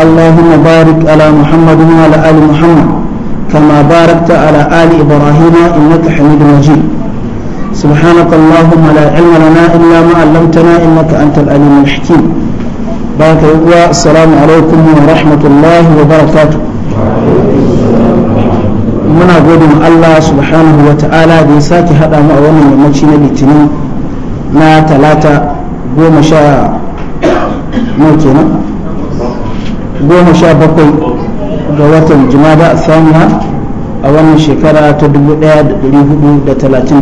اللهم بارك على محمد وعلى آل محمد كما باركت على آل إبراهيم إنك حميد مجيد سبحانك اللهم لا علم لنا إلا ما علمتنا إنك أنت العليم الحكيم بارك الله السلام عليكم ورحمة الله وبركاته muna gode ma Allah subhanahu wa ta'ala da ya sake haɗa mu a wannan yammaci na litinin na talata goma sha nawa kenan goma sha bakwai ga watan jimada a saniya a wannan shekara ta 1433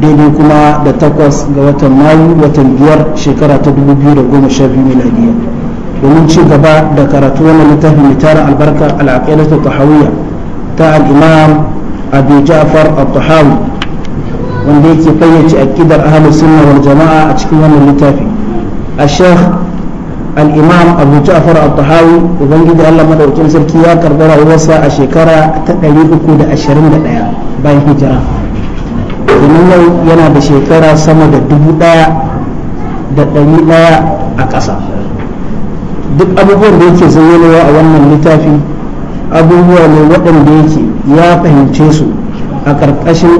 daidai kuma da takwas ga watan mayu watan biyar shekara ta 2012 miladiya domin ci gaba da karatu wannan littafi mai tara albarka al'aqidatu tahawiyya ta al-imam abu ja'far al-tahawi wanda yake fayyace akidar ahlus sunna wal jama'a a cikin wannan littafi a sheikh al'imam abu ja'far al-tahawi ubangiji allah madaukin sarki ya karɓi rayuwarsa a shekara ta 321 bayan hijira domin yau yana da shekara sama da dubu ɗaya da ɗari ɗaya a ƙasa duk abubuwan da yake zayyanowa a wannan littafi abubuwa ne waɗanda yake ya fahimce su a ƙarƙashin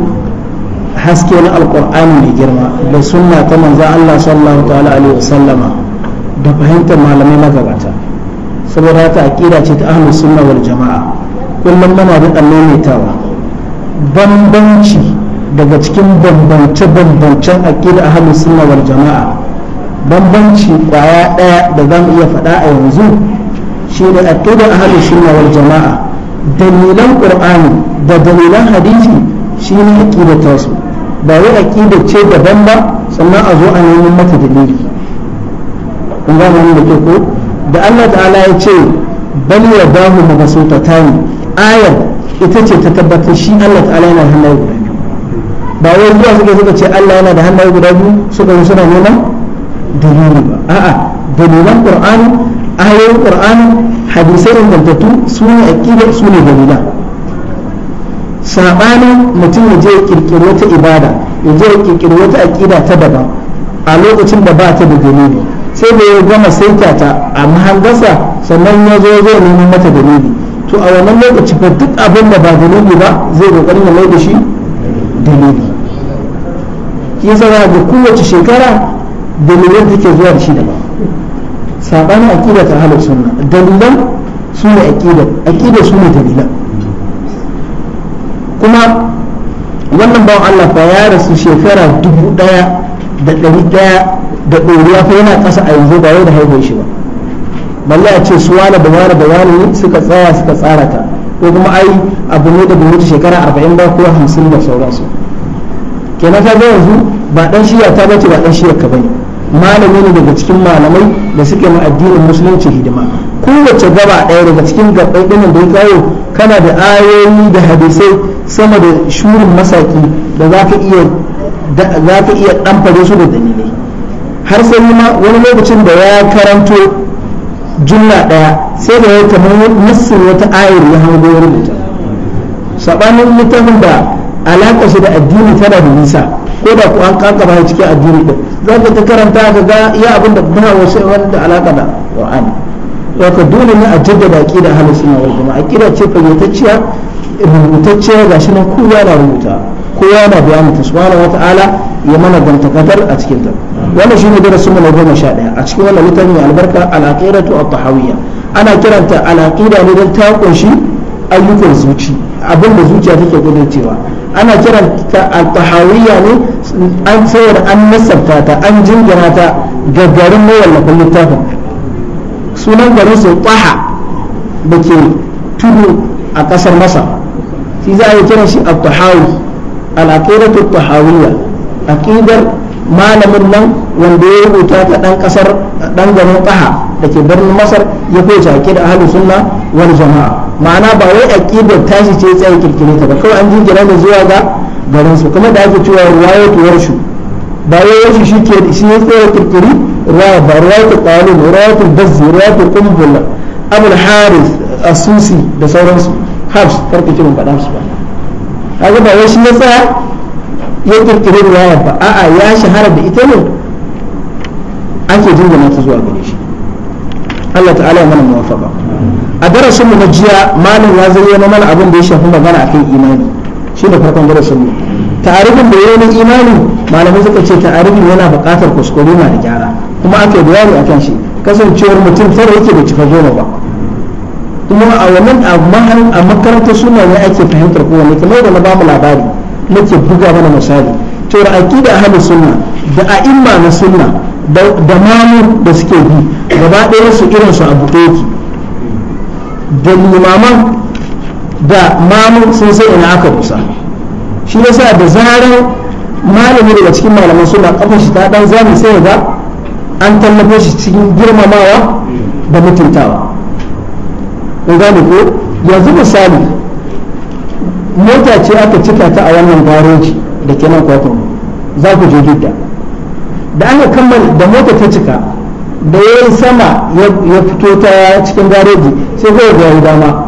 haske na alƙur'ani mai girma da sunna ta manzan allah sallallahu ta'ala alaihi wasallama da fahimtar malamai magabata saboda ta aƙida ce ta ahlus sunna wal jama'a kullum muna da maimaitawa bambanci daga cikin bambance-bambancen aƙida ahlus sunna wal jama'a bambanci kwaya ɗaya da za iya faɗa a yanzu shi ne aƙida ahlus sunna wal jama'a dalilan ƙur'ani da dalilan hadisi shi ne aƙidar tasu ba wai aƙidar ce daban ba sannan a zo a neman mata dalili kun gane ni da ke ko da Allah ta'ala ya ce bal ya bahu dahu ta tani ayar ita ce ta tabbatar shi Allah ta'ala yana da hannaye guda ba wai zuwa suka suka ce Allah yana da hannaye guda biyu suka zo suna neman dalili ba a'a dalilan qur'ani ayoyin qur'ani hadisai ingantattu su ne aqida su ne dalila sabanin mutum ya je ya kirkiri wata ibada ya je ya kirkiri wata aqida ta daban a lokacin da ba ta da dalili sai da ya gama saita ta a mahangasa sannan ya zo zai neman mata dalili to a wannan lokaci fa duk abin da ba dalili ba zai kokarin ya mai da shi dalili ya zara da kowace shekara dalilan take zuwa da shi da ba sabanin aqida ta halal sunna dalilan su ne aqida aqida su ne dalilan kuma wannan bawan Allah fa ya rasu shekara dubu daya da ɗari daya da ɗoriya fa yana ƙasa a yanzu ba yau da haihuwar shi ba balle a ce suwana da wani da wani suka tsaya suka tsara ta ko kuma ai abu ne da bai shekara arba'in ba ko hamsin da sauransu kenan ta ga yanzu ba ɗan shiya ta bace ba ɗan shiya ka bane malami ne daga cikin malamai da suke ma addinin musulunci hidima kowace gaba ɗaya daga cikin gaɓɓai ɗinin da ya kawo kana da ayoyi da hadisai sama da shurin masaki da za ka iya ɗanfare su da dalilai har sai ma wani lokacin da ya karanto jumla daya sai da ya ta nassin wata ayar ya hango wani mutum sabanin littafin da alaƙa shi da addini tana da nisa ko da ku an kankaba cikin addini din za ka ta karanta ka ga ya abin da ba wasu wani da alaƙa da wa'ani ka dole ne a jaddada aqida ahlus na wal jamaa aqida ce fayyatacciya rubutacciya gashi nan kowa na rubuta kowa na bayani ta subhanahu ala ya mana dantakadar a cikin ta wannan shine darasin mu na goma sha ɗaya a cikin wannan littafin albarka al at-tahawiyya ana kiranta alaƙida ne don ta kunshi ayyukan zuci abin da zuciya take gudancewa ana kiranta al-tahawiyya ne an tsayar an nasabta ta an jingina ta ga garin mawallafin littafin sunan garin su taha da ke tudu a ƙasar masa shi za a yi kiran shi al-tahawi al-aqidatu at-tahawiyya aqidar malamin nan wanda ya rubuta ta dan kasar dan garin kaha da ke birnin masar ya kowace da ahlus sunna wal jama'a ma'ana ba wai aqidar tashi ce tsaye kirkire ta ba kawai an jingira da zuwa ga garin su kuma da ake cewa riwayatuwar shi ba wai shi shi ke shi ya tsaye kirkiri riwaya ba riwayatul qalib ta bazzi riwayatul qumbul abul haris asusi da sauransu habs farko kiran faɗa su ba kaga ba wai shi ya tsaya ya kirkiri riwaya ba a'a ya shahara da ita ne ake jingina ta zuwa gare shi Allah ta'ala ya mana muwafaqa a darasin mu na jiya malam ya zayyana mana abin da ya shafi magana akan imani shi da farkon darasin mu ta'arifin da yayin imani malamai suka ce ta'arifin yana buƙatar kuskure na da gyara kuma ake bayani akan shi kasancewar mutum tare yake da cika ma ba kuma a wannan a makarantar suna ne ake fahimtar kowanne kamar da na ba mu labari nake buga mana misali to da aqida ahlus sunna da a'imma na sunna da mamu da suke bi gaba ɗaya su irin su abu ɗoki da limaman da mamu sun sai ina aka dusa shi sa da zarar malami daga cikin malaman suna kafa shi ta dan zami sai ga an tallafa shi cikin girmamawa da mutuntawa kun gane ko yanzu misali mota ce aka cika ta a wannan gareji da kenan kwakwan za ku je gida. da aka kammala da mota ta cika da ya yi sama ya fito ta cikin gareji sai kawai ga yi dama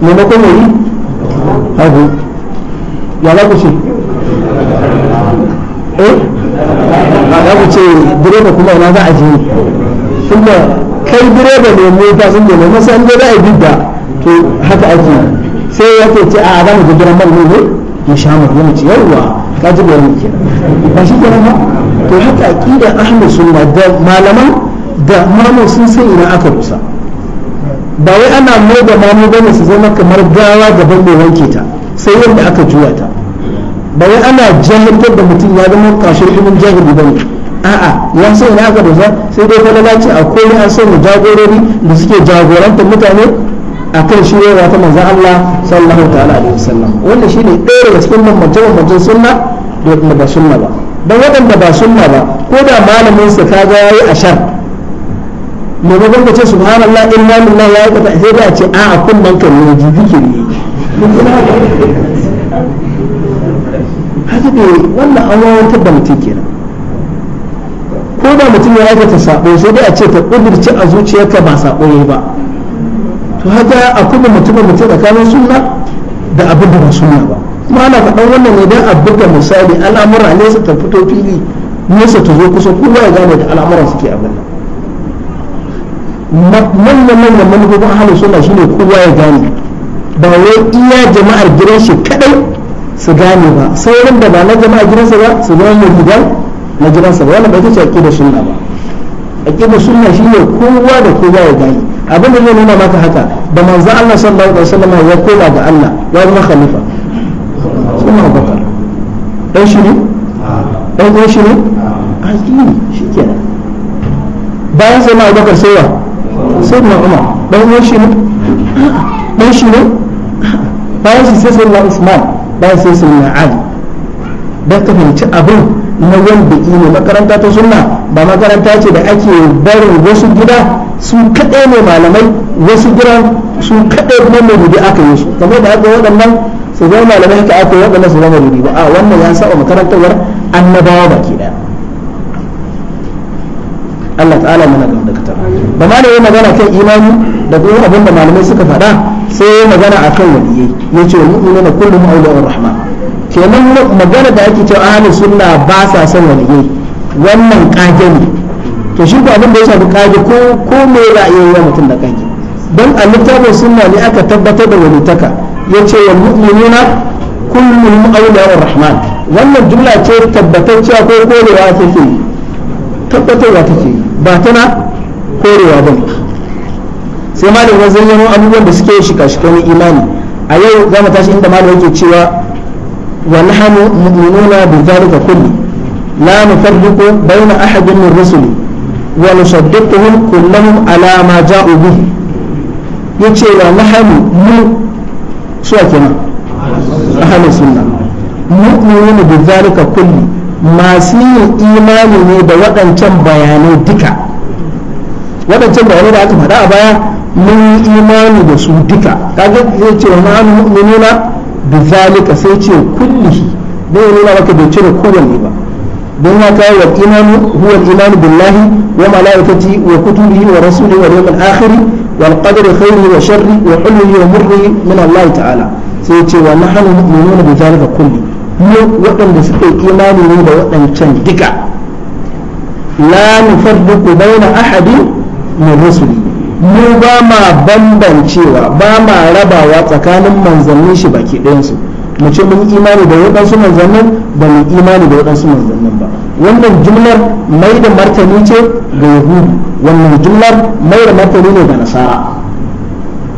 maimakon yi hagu ya za ku ce eh za ku ce direba kuma ina za a je Kuma kai direba ne ta sun ne masu an za a yi bidda to haka ake sai ya ce a za mu je mai ne ya sha mu ya mu ce yawwa ka ji bayan kenan ba shi kenan ba to haka aqidar ahmad sunna da malaman da mamu sun san ina aka kusa ba wai ana da mamu bane su zama kamar gawa da mai wanke ta sai yadda aka juya ta ba wai ana jahiltar da mutum ya zama kashin ibn jahili bane a'a ya san ina aka kusa sai dai ko lalace akwai an sanya jagorori da suke jagorantar mutane a kan shi yawa ta manzan Allah sallallahu ta'ala alaihi wasallam wannan shine ɗaya daga cikin bambance bambancen sunna da kuma ba sunna ba don waɗanda ba sunna ba ko da malamin sa ga yayi ashar maimakon ka ce subhanallah inna lillahi ya aikata sai da ce a kunnan kan ne zikiri haka ne wannan an wawantar da mutum kenan ko da mutum ya aikata sabo sai dai a ce ta kudirce a zuciyarka ba sabo yayi ba to haka a kuma mutum mutum tsakanin sunna da abin da ba sunna ba kuma ana faɗan wannan ne don a buga misali al'amura ne su ta fito fili su ta zo kusa kowa ya gane da al'amuran suke a nan manyan manyan manufofin ahalin suna shi ne kowa ya gane ba wai iya jama'ar gidan shi kadai su gane ba sauran da ba na jama'ar gidansa ba su gane gidan na gidansa ba wannan bai tace ce aqidar sunna ba aqidar sunna ne kowa da kowa ya gane abin da zai nuna maka haka da manzo Allah sallallahu alaihi wasallam ya koma ga Allah ya zama khalifa kuma abubakar dan shi ne dan uwan shi ne aiki shi kenan bayan sai na abubakar sai wa sai na umar dan uwan shi ne dan shi ne bayan shi sai sai usman bayan sai sai na ali dan ka fahimci abin na wanda ne makaranta ta sunna ba makaranta ce da ake barin wasu gida su kaɗai ne malamai wasu gida su kaɗai kuma mai aka yi su kamar da haka waɗannan su zama malamai ka ake waɗanda su zama rubi ba a wannan ya saba makarantarwar annabawa baki daya Allah ta'ala mana ga da ba ma da yi magana kan imani da duk abin da malamai suka faɗa sai ya magana a kan waliyai ya ce mu'minu na kullum auliyar rahma kenan magana da ake cewa ahlus sunna ba sa son waliyai wannan kage ne to shi ko abin da ya shafi kage ko ko me ra'ayoyin mutum da kage don a littafin sunna ne aka tabbatar da walitaka yace wal mu'minuna kullum auliyar rahman wannan jumla ce tabbatacciya ko korewa take tabbatarwa take ba tana korewa ba sai malam ya zayyano abubuwan da suke shika shikan imani a yau za mu tashi inda malam yake cewa wa nahnu mu'minuna bi dhalika kulli la nufarriqu bayna ahadin min rusuli wa nusaddiquhum kullahum ala ma ja'u bihi yace wa nahnu mu su a kenan ahalin sunna mu'minu bi zalika kulli masu yin imani ne da waɗancan bayanai duka waɗancan bayanai da aka faɗa a baya mun imani da su duka kaga zai ce wa ma'anu mu'minuna bi sai ce kullihi bai nuna maka bai cire kowanne ba don ya kawo wa imanu huwa imanu billahi wa malaikati wa kutubihi wa rasulihi wa yawmil akhiri والقدر خيره وشره وحلمه ومره من الله تعالى سيتي ونحن مؤمنون بذلك كله mu waɗanda suka yi imani da waɗancan duka la nufarriqu baina ahadin min rusuli mu bama ma bambancewa bama rabawa tsakanin manzannin shi baki ɗayansu mu ce mun imani da waɗansu manzannin ba mu imani da waɗansu manzannin ba wannan jumlar mai da martani ce ga yahudu wannan jumlar mai da martani ne ga nasara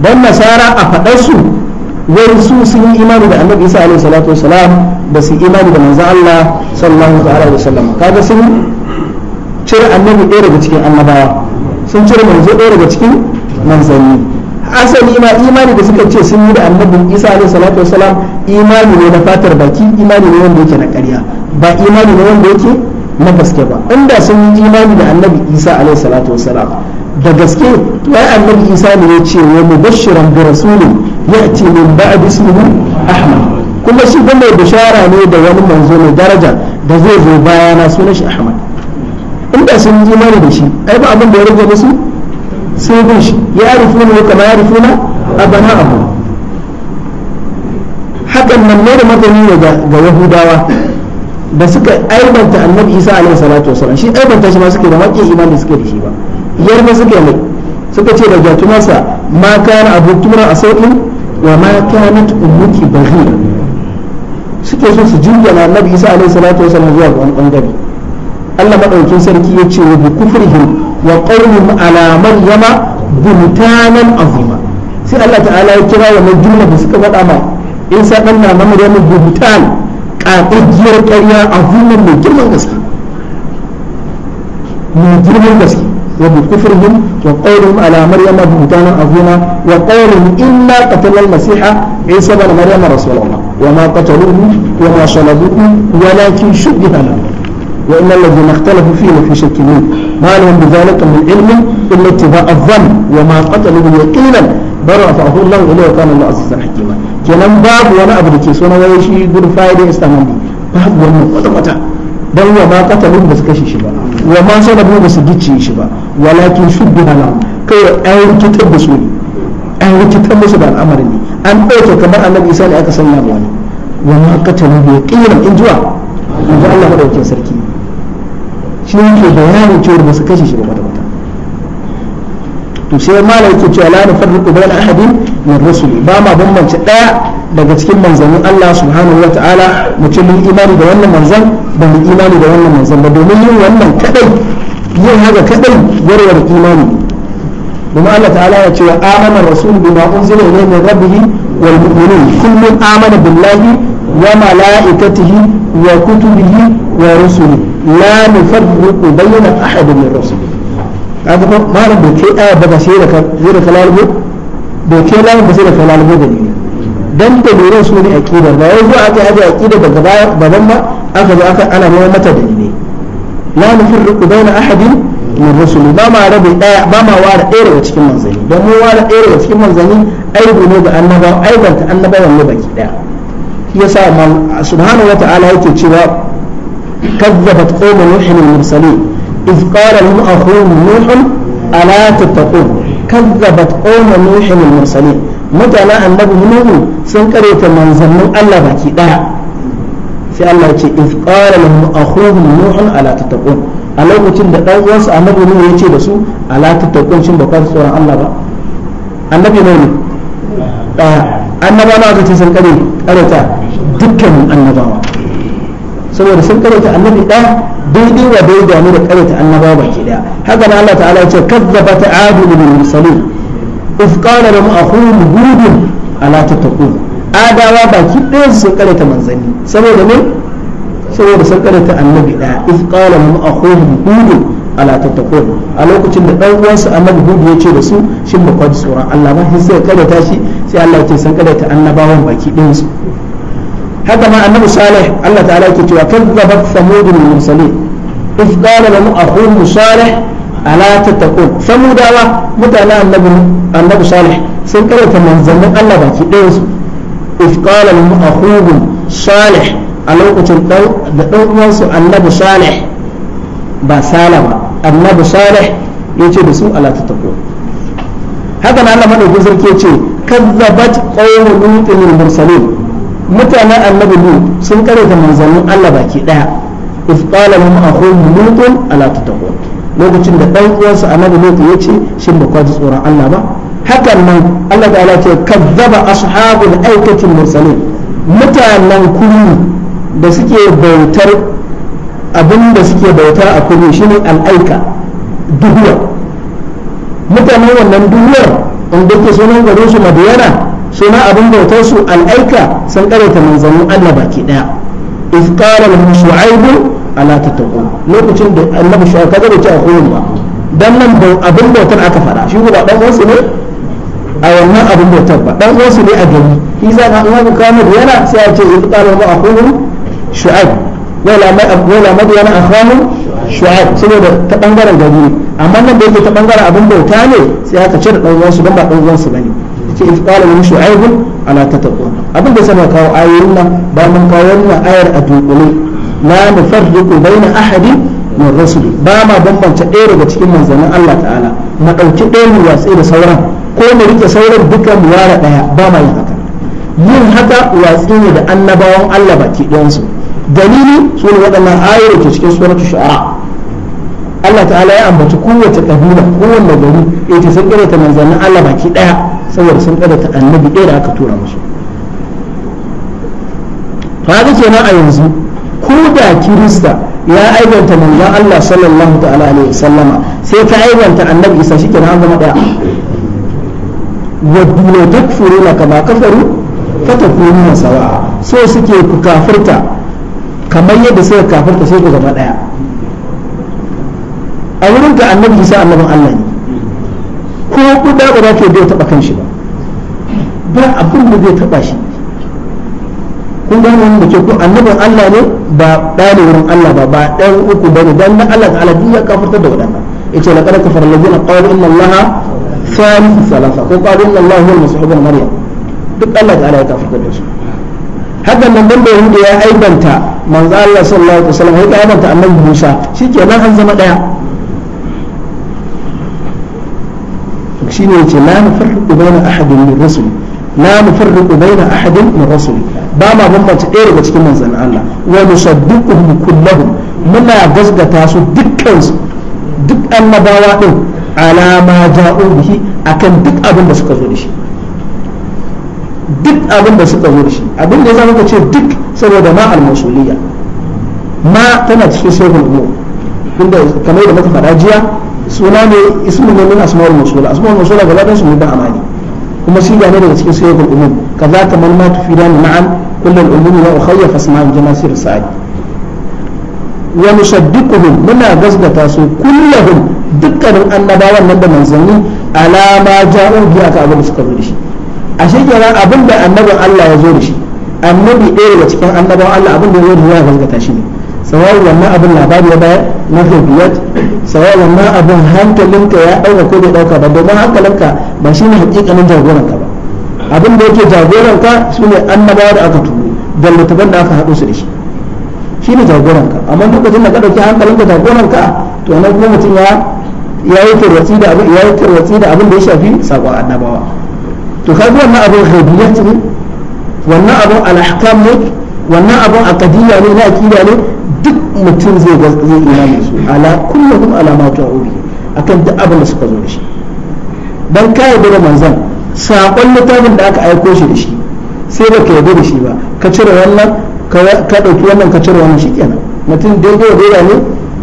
don nasara a faɗarsu wai su sun yi imani da annabi isa alaihi salatu wasalam da su imani da manzon Allah sallallahu alaihi wasallam kaga sun cire annabi ɗaya daga cikin annabawa sun cire manzo ɗaya daga cikin manzanni asali ma imani da suka ce sun yi da annabi isa alaihi salatu wasalam imani ne na fatar baki imani ne wanda yake na ƙarya ba imani ne wanda yake na gaske ba inda sun yi imani da annabi isa alaihi salatu wasalam da gaske to ai annabi isa ne ya ce wa mubashiran bi rasulin ya'ti min ba'd ismihi ahmad kuma shi kuma mai bishara ne da wani manzo mai daraja da zai zo baya na sunan shi ahmad inda sun yi imani da shi ai ba abin da ya rage musu sai bin shi ya arifuna kama ya arifuna abana'ahu hakan nan ne da magani ga yahudawa da suka aibanta annabi isa alaihi salatu salam shi aibanta shi ma suke da maƙin imani suke da shi ba yar ma suke mai suka ce da gatumarsa ma kana abu tumra a sauƙin wa ma kanat ummuki baghira suke so su jingana annabi isa alaihi salatu salam zuwa ga wani bangare Allah madaukin sarki ya ce bi kufrihim wa qawlihim ala maryama buntanan azima sai Allah ta'ala ya kira wannan jumla da suka faɗa ma in sa dan na maryama buntan ƙaƙagiyar ƙarya a hannun mai girman gaske mai girman gaske وبكفرهم وقولهم على مريم بهتانا عظيما وقولهم إنا قتل المسيح عيسى بن مريم رسول الله وما قتلوه وما صلبوه ولكن شبه لهم وإن الذين اختلفوا فيه وفي شك منه ما لهم بذلك من علم إلا اتباع الظن وما قتلوه يقينا بل رفعه الله إليه وكان الله عزيزا حكيما kenan babu wani abu da ke so na wai shi good friday is tamam babu wannan kwata-kwata don wa ma katalin da su kashe shi ba wa ma sanabu ba su gicci shi ba walakin shuddu halam kai an rikitar da su ne an rikitar su da al'amarin ne an ɗauke kamar annabi isa ne aka sanya ba wani wa ma katalin bai ƙiran in zuwa in ji allah maɗaukin sarki shi yake bayanin cewa ba su kashe shi ba to sai malam yake cewa la nufarriqu bayna ahadin min rusuli ba ma bambance daya daga cikin manzannin Allah subhanahu wataala mu ce mun imani da wannan manzan ba mu imani da wannan manzan ba domin yin wannan kadai yin haka kadai warwar imani domin Allah ta'ala ya ce wa amana rasul bima unzila ilayhi min rabbihi wal mu'minun kullun amana billahi wa malaikatihi wa kutubihi wa rusulihi la nufarriqu bayna ahadin min rasu. kaga fa malam bai aya ba sai da sai da kalalbo bai kai lamun ba sai da da ni dan dalilan su ne aqida ba wai zuwa aka aje aqida daga baya gaban ba aka zo aka ana mai mata dalilai la nufirqu baina ahadin min rusuli ba ma rabe daya ba ma ware daya daga cikin manzanni don mu ware daya daga cikin manzanni aibu ne ga annaba aibanta annabawan ne baki daya yasa subhanahu wata'ala yake cewa kazzabat qawmun nuhin al-mursalin إذ قال لهم أخوهم نوح ألا تتقون كذبت قوم نوح المرسلين متى النبي نوح سنكريت من زمن الله باكي داع في الله يتي إذ قال لهم أخوهم نوح ألا تتقون a lokacin da ɗan uwansa annabi nuhu ya ce da su ala tattakun shin ba kar annabi annaba na aka sun kare karata dukkan annabawa saboda sun ta annabi ɗaya daidai wa daida ne da karyata annabawa baki daya haka ma Allah ta'ala ya ce ta adu bil mursalin if qala lahum akhum hudud ala tattaqun adawa baki ɗaya sun karyata manzanni saboda ne saboda sun karyata annabi da if qala lahum akhum hudud ala tattaqun a lokacin da dan uwansa annabi hudu ya ce da su shin ba kwaji tsoron Allah ba sai karyata shi sai Allah ya ce sun karyata annabawan baki ɗayan su haka ma annabi salih Allah ta'ala yake cewa kazzabat samud bil mursalin إذ قال لهم أخوهم صالح ألا تتقون فمداوا متانا النبي النبي صالح سنكرة من زمن الله باكي إيز إذ قال لهم أخوهم صالح ألو أتلقوا دعوانس النبي صالح بسالما النبي صالح يجب سوء ألا تتقون هذا ما لما نقول كيتي كذبت قوم لوط المرسلين متانا النبي لوط سنكرة من زمن الله باكي إيز إذ قال لهم أخوه لوط ألا تتقون lokacin da ɗan uwansa annabi Lutu ya ce shin ba kwaji tsoron Allah ba hakan nan Allah ta'ala ce kazzaba ashabul aikatin mursalin mutanen kurmi da suke bautar abin da suke bauta a kurmi shine al'aika duhuwar mutanen wannan duhuwar da ke sunan gare su madiyana suna abin bautar su al'aika sun karanta manzannin Allah baki daya iz qala lahum shu'aibu ala tattaqu lokacin da annabi shu'aib kaga bai ce a kowane ba dan nan abin bautan aka fada shi ba dan wasu ne a wannan abin bautan ba dan wasu ne a gari shi za ka an ka mu yana sai a ce idan qala ma akhuhu shu'aib wala ma wala ma yana akhuhu shu'aib saboda ta bangaren gari amma nan da yake ta bangaren abin bauta ne sai aka cire dan wasu dan ba dan wasu bane ce idan qala ma shu'aib ala tattaqu abin da sama kawo ayoyin nan ba mun kawo wannan ayar a dunkule la nufarriqu baina ahadin min rusuli ba ma bambanta ɗaya daga cikin manzannin Allah ta'ala na ɗauki ɗaya mu watsi da sauran ko mu rike sauran dukkan mu ware ɗaya ba ma yin haka yin haka watsi ne da annabawan Allah baki ɗayansu dalili su ne waɗannan ayoyi ke cikin suratul shu'ara Allah ta'ala ya ambaci kowace kabila kowanne gari ya ce sun ta manzannin Allah baki ɗaya saboda sun annabi ɗaya da aka tura musu to haka kenan a yanzu ko da kirista ya aibanta manzan Allah sallallahu ta'ala alaihi sallama sai ka aibanta annabi isa shi kenan zama daya wadda takfuruna kama kafaru fatakununa sawa so suke ku kafirta kamar yadda suka kafirta sai ku zama daya a wurin ka annabi isa annaban Allah ne ko da ba za ka yi taba kan shi ba ba abin da zai taba shi kun gane da ke ku annabin Allah ne ba ɗaya wurin Allah ba ba dan uku ba ne dan Allah ta'ala duk ya kafarta da waɗannan yace qad kafara allazina qalu inna Allah ثالث ثلاثة ko إن الله هو المسيح ابن maryam duk Allah ta'ala ya kafa da su hakan nan banda da ya aibanta manzo Allah sallallahu alaihi wasallam ya aibanta annabi Musa shikenan an zama daya shine yace la nafarqu bayna ahadin min rusul la nufarriqu baina ahadin min rusuli ba ma bambanta ɗaya daga cikin manzannin Allah wa mu kullahum muna gasgata su dukkan su duk annabawa din ala ma ja'u bihi akan duk abin suka zo da duk abin suka zo da shi abin da ka ce duk saboda ma al ma tana cikin shehul umur inda kamar da muka faɗa jiya suna ne ismu ne min asma'ul musula asma'ul da amani kuma shi ne daga cikin sayyidul umum kaza kamar ma dan ma'an kullal umumi wa ukhayya fasma'u janasir sa'i wa nusaddiquhum muna gasgata su kullahum dukkanin annabawan nan da manzanni ala ma ja'u bi aka abin da suka zo da shi a shekara abin da annabin Allah ya zo da shi annabi ɗaya daga cikin annabawan Allah abin da ya zo da shi ya shi ne sawai wannan abin labari ya bayar na rubiyat sawawan ma abin hankalinka ya ɗauka ko bai ɗauka ba domin hankalinka ba shi ne hakikanin jagoranka ba abin da yake jagoranka su ne annabawa da aka tuno da littafan da aka haɗu su da shi shi ne jagoranka amma lokacin da ka ɗauki hankalinka jagoranka to nan kuma mutum ya ya yi tarwatsi da abin ya yi tarwatsi da abin da ya shafi sakon annabawa to kaga wannan abin ghaibiyat ne wannan abin al-ahkam ne wannan abin aqdiyya ne na aqida ne duk mutum zai ga zai imani su ala kullum alamatu ubi akan duk abin da suka zo da shi dan ka yarda da manzon sakon littafin da aka aiko shi da shi sai ba ka yarda da shi ba ka cire wannan ka dauki wannan ka cire wannan shikenan mutum daidai da ne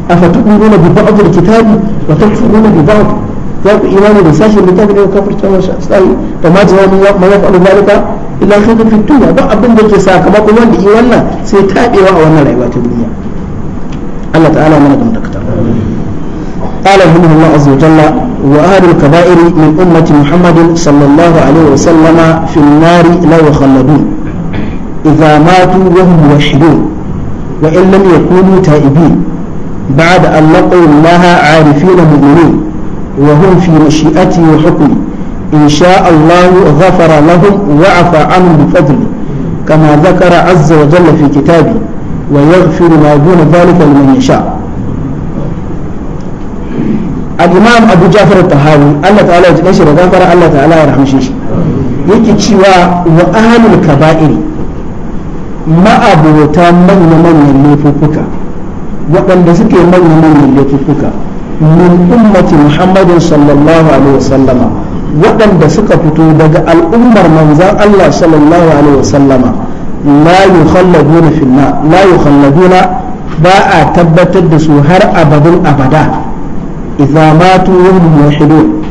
a fatakun na bi ba'd al-kitabi wa na bi ba'd za ku imani da sashen littafin da shi wasu tsari da ma jawabin ya ma yaf'alu zalika illa khayran fi dunya ba abin da ke sakamakon wanda yi wannan sai taɓewa a wannan rayuwa ta duniya Allah ta'ala mana da dakta قال رحمه الله عز وجل وأهل الكبائر من أمة محمد صلى الله عليه وسلم في النار لا يخلدون إذا ماتوا وهم موحدون وإن لم يكونوا تائبين بعد أن لقوا الله عارفين مؤمنين وهم في مشيئته وحكمه إن شاء الله غفر لهم وعفى عنهم بفضله كما ذكر عز وجل في كتابه ويغفر ما دون ذلك لمن يشاء الإمام أبو جعفر الطهاوي الله تعالى يجلس غفر الله تعالى يرحم شيش yake cewa wa ahlul kaba'iri ma'abota manya-manyan laifuffuka waɗanda suke manya-manyan laifuffuka min ummati muhammadin sallallahu alaihi wasallama waɗanda suka fito daga al'ummar manzan Allah sallallahu alaihi wasallama la yukhalladuna ba a tabbatar da su har abadin abada idza matu yahum muwahhidun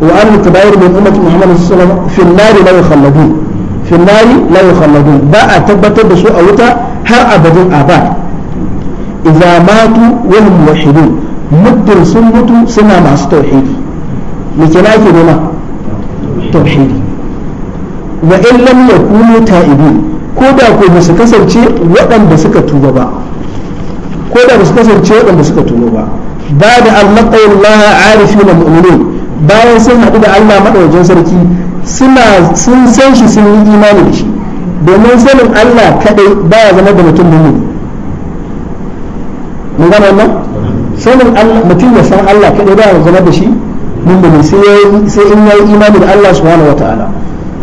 wa an kabair min ummati muhammad sallallahu alaihi wasallam fil nar nar la yukhalladun ba a tabbatar da su a wuta har abadin abad idza matu yahum muddin sun mutu suna masu tauhidi me kenan ke nema tauhidi wa in lam yakunu ta'ibi ko da ko ba su kasance waɗanda suka tuba ba ko da ba su kasance waɗanda suka tuba ba ba da Allah arifina mu'minin bayan sun hadu da Allah madawajin sarki suna sun san shi sun yi imani da shi domin sanin Allah kadai baya zama da mutum mu'min mun ga wannan sanin Allah mutum ya san Allah kadai baya zama da shi mun mu'min sai sai in yi imani da Allah subhanahu wataala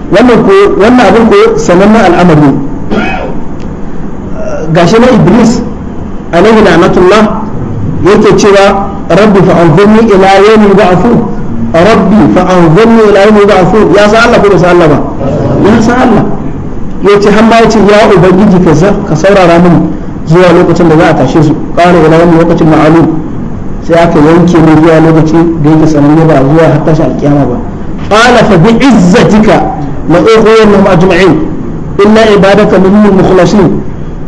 wannan abin ko sanannen al'amari gashi na iblis alaihi la'natullah yake cewa rabbi fa'anzurni ila yawmi ba'thu rabbi fa'anzurni ila yawmi ba'thu ya sa Allah ko ba sa Allah ba ya sa Allah yace har ma yace ya ubangiji kaza ka saurara mini zuwa lokacin da za a tashe su qala ila yawmi lokacin ma'lum sai aka yanke ne zuwa lokacin da yake sananne ba zuwa har tashi alkiyama ba qala fa bi izzatika لأغوينهم أجمعين إلا عبادك منهم المخلصين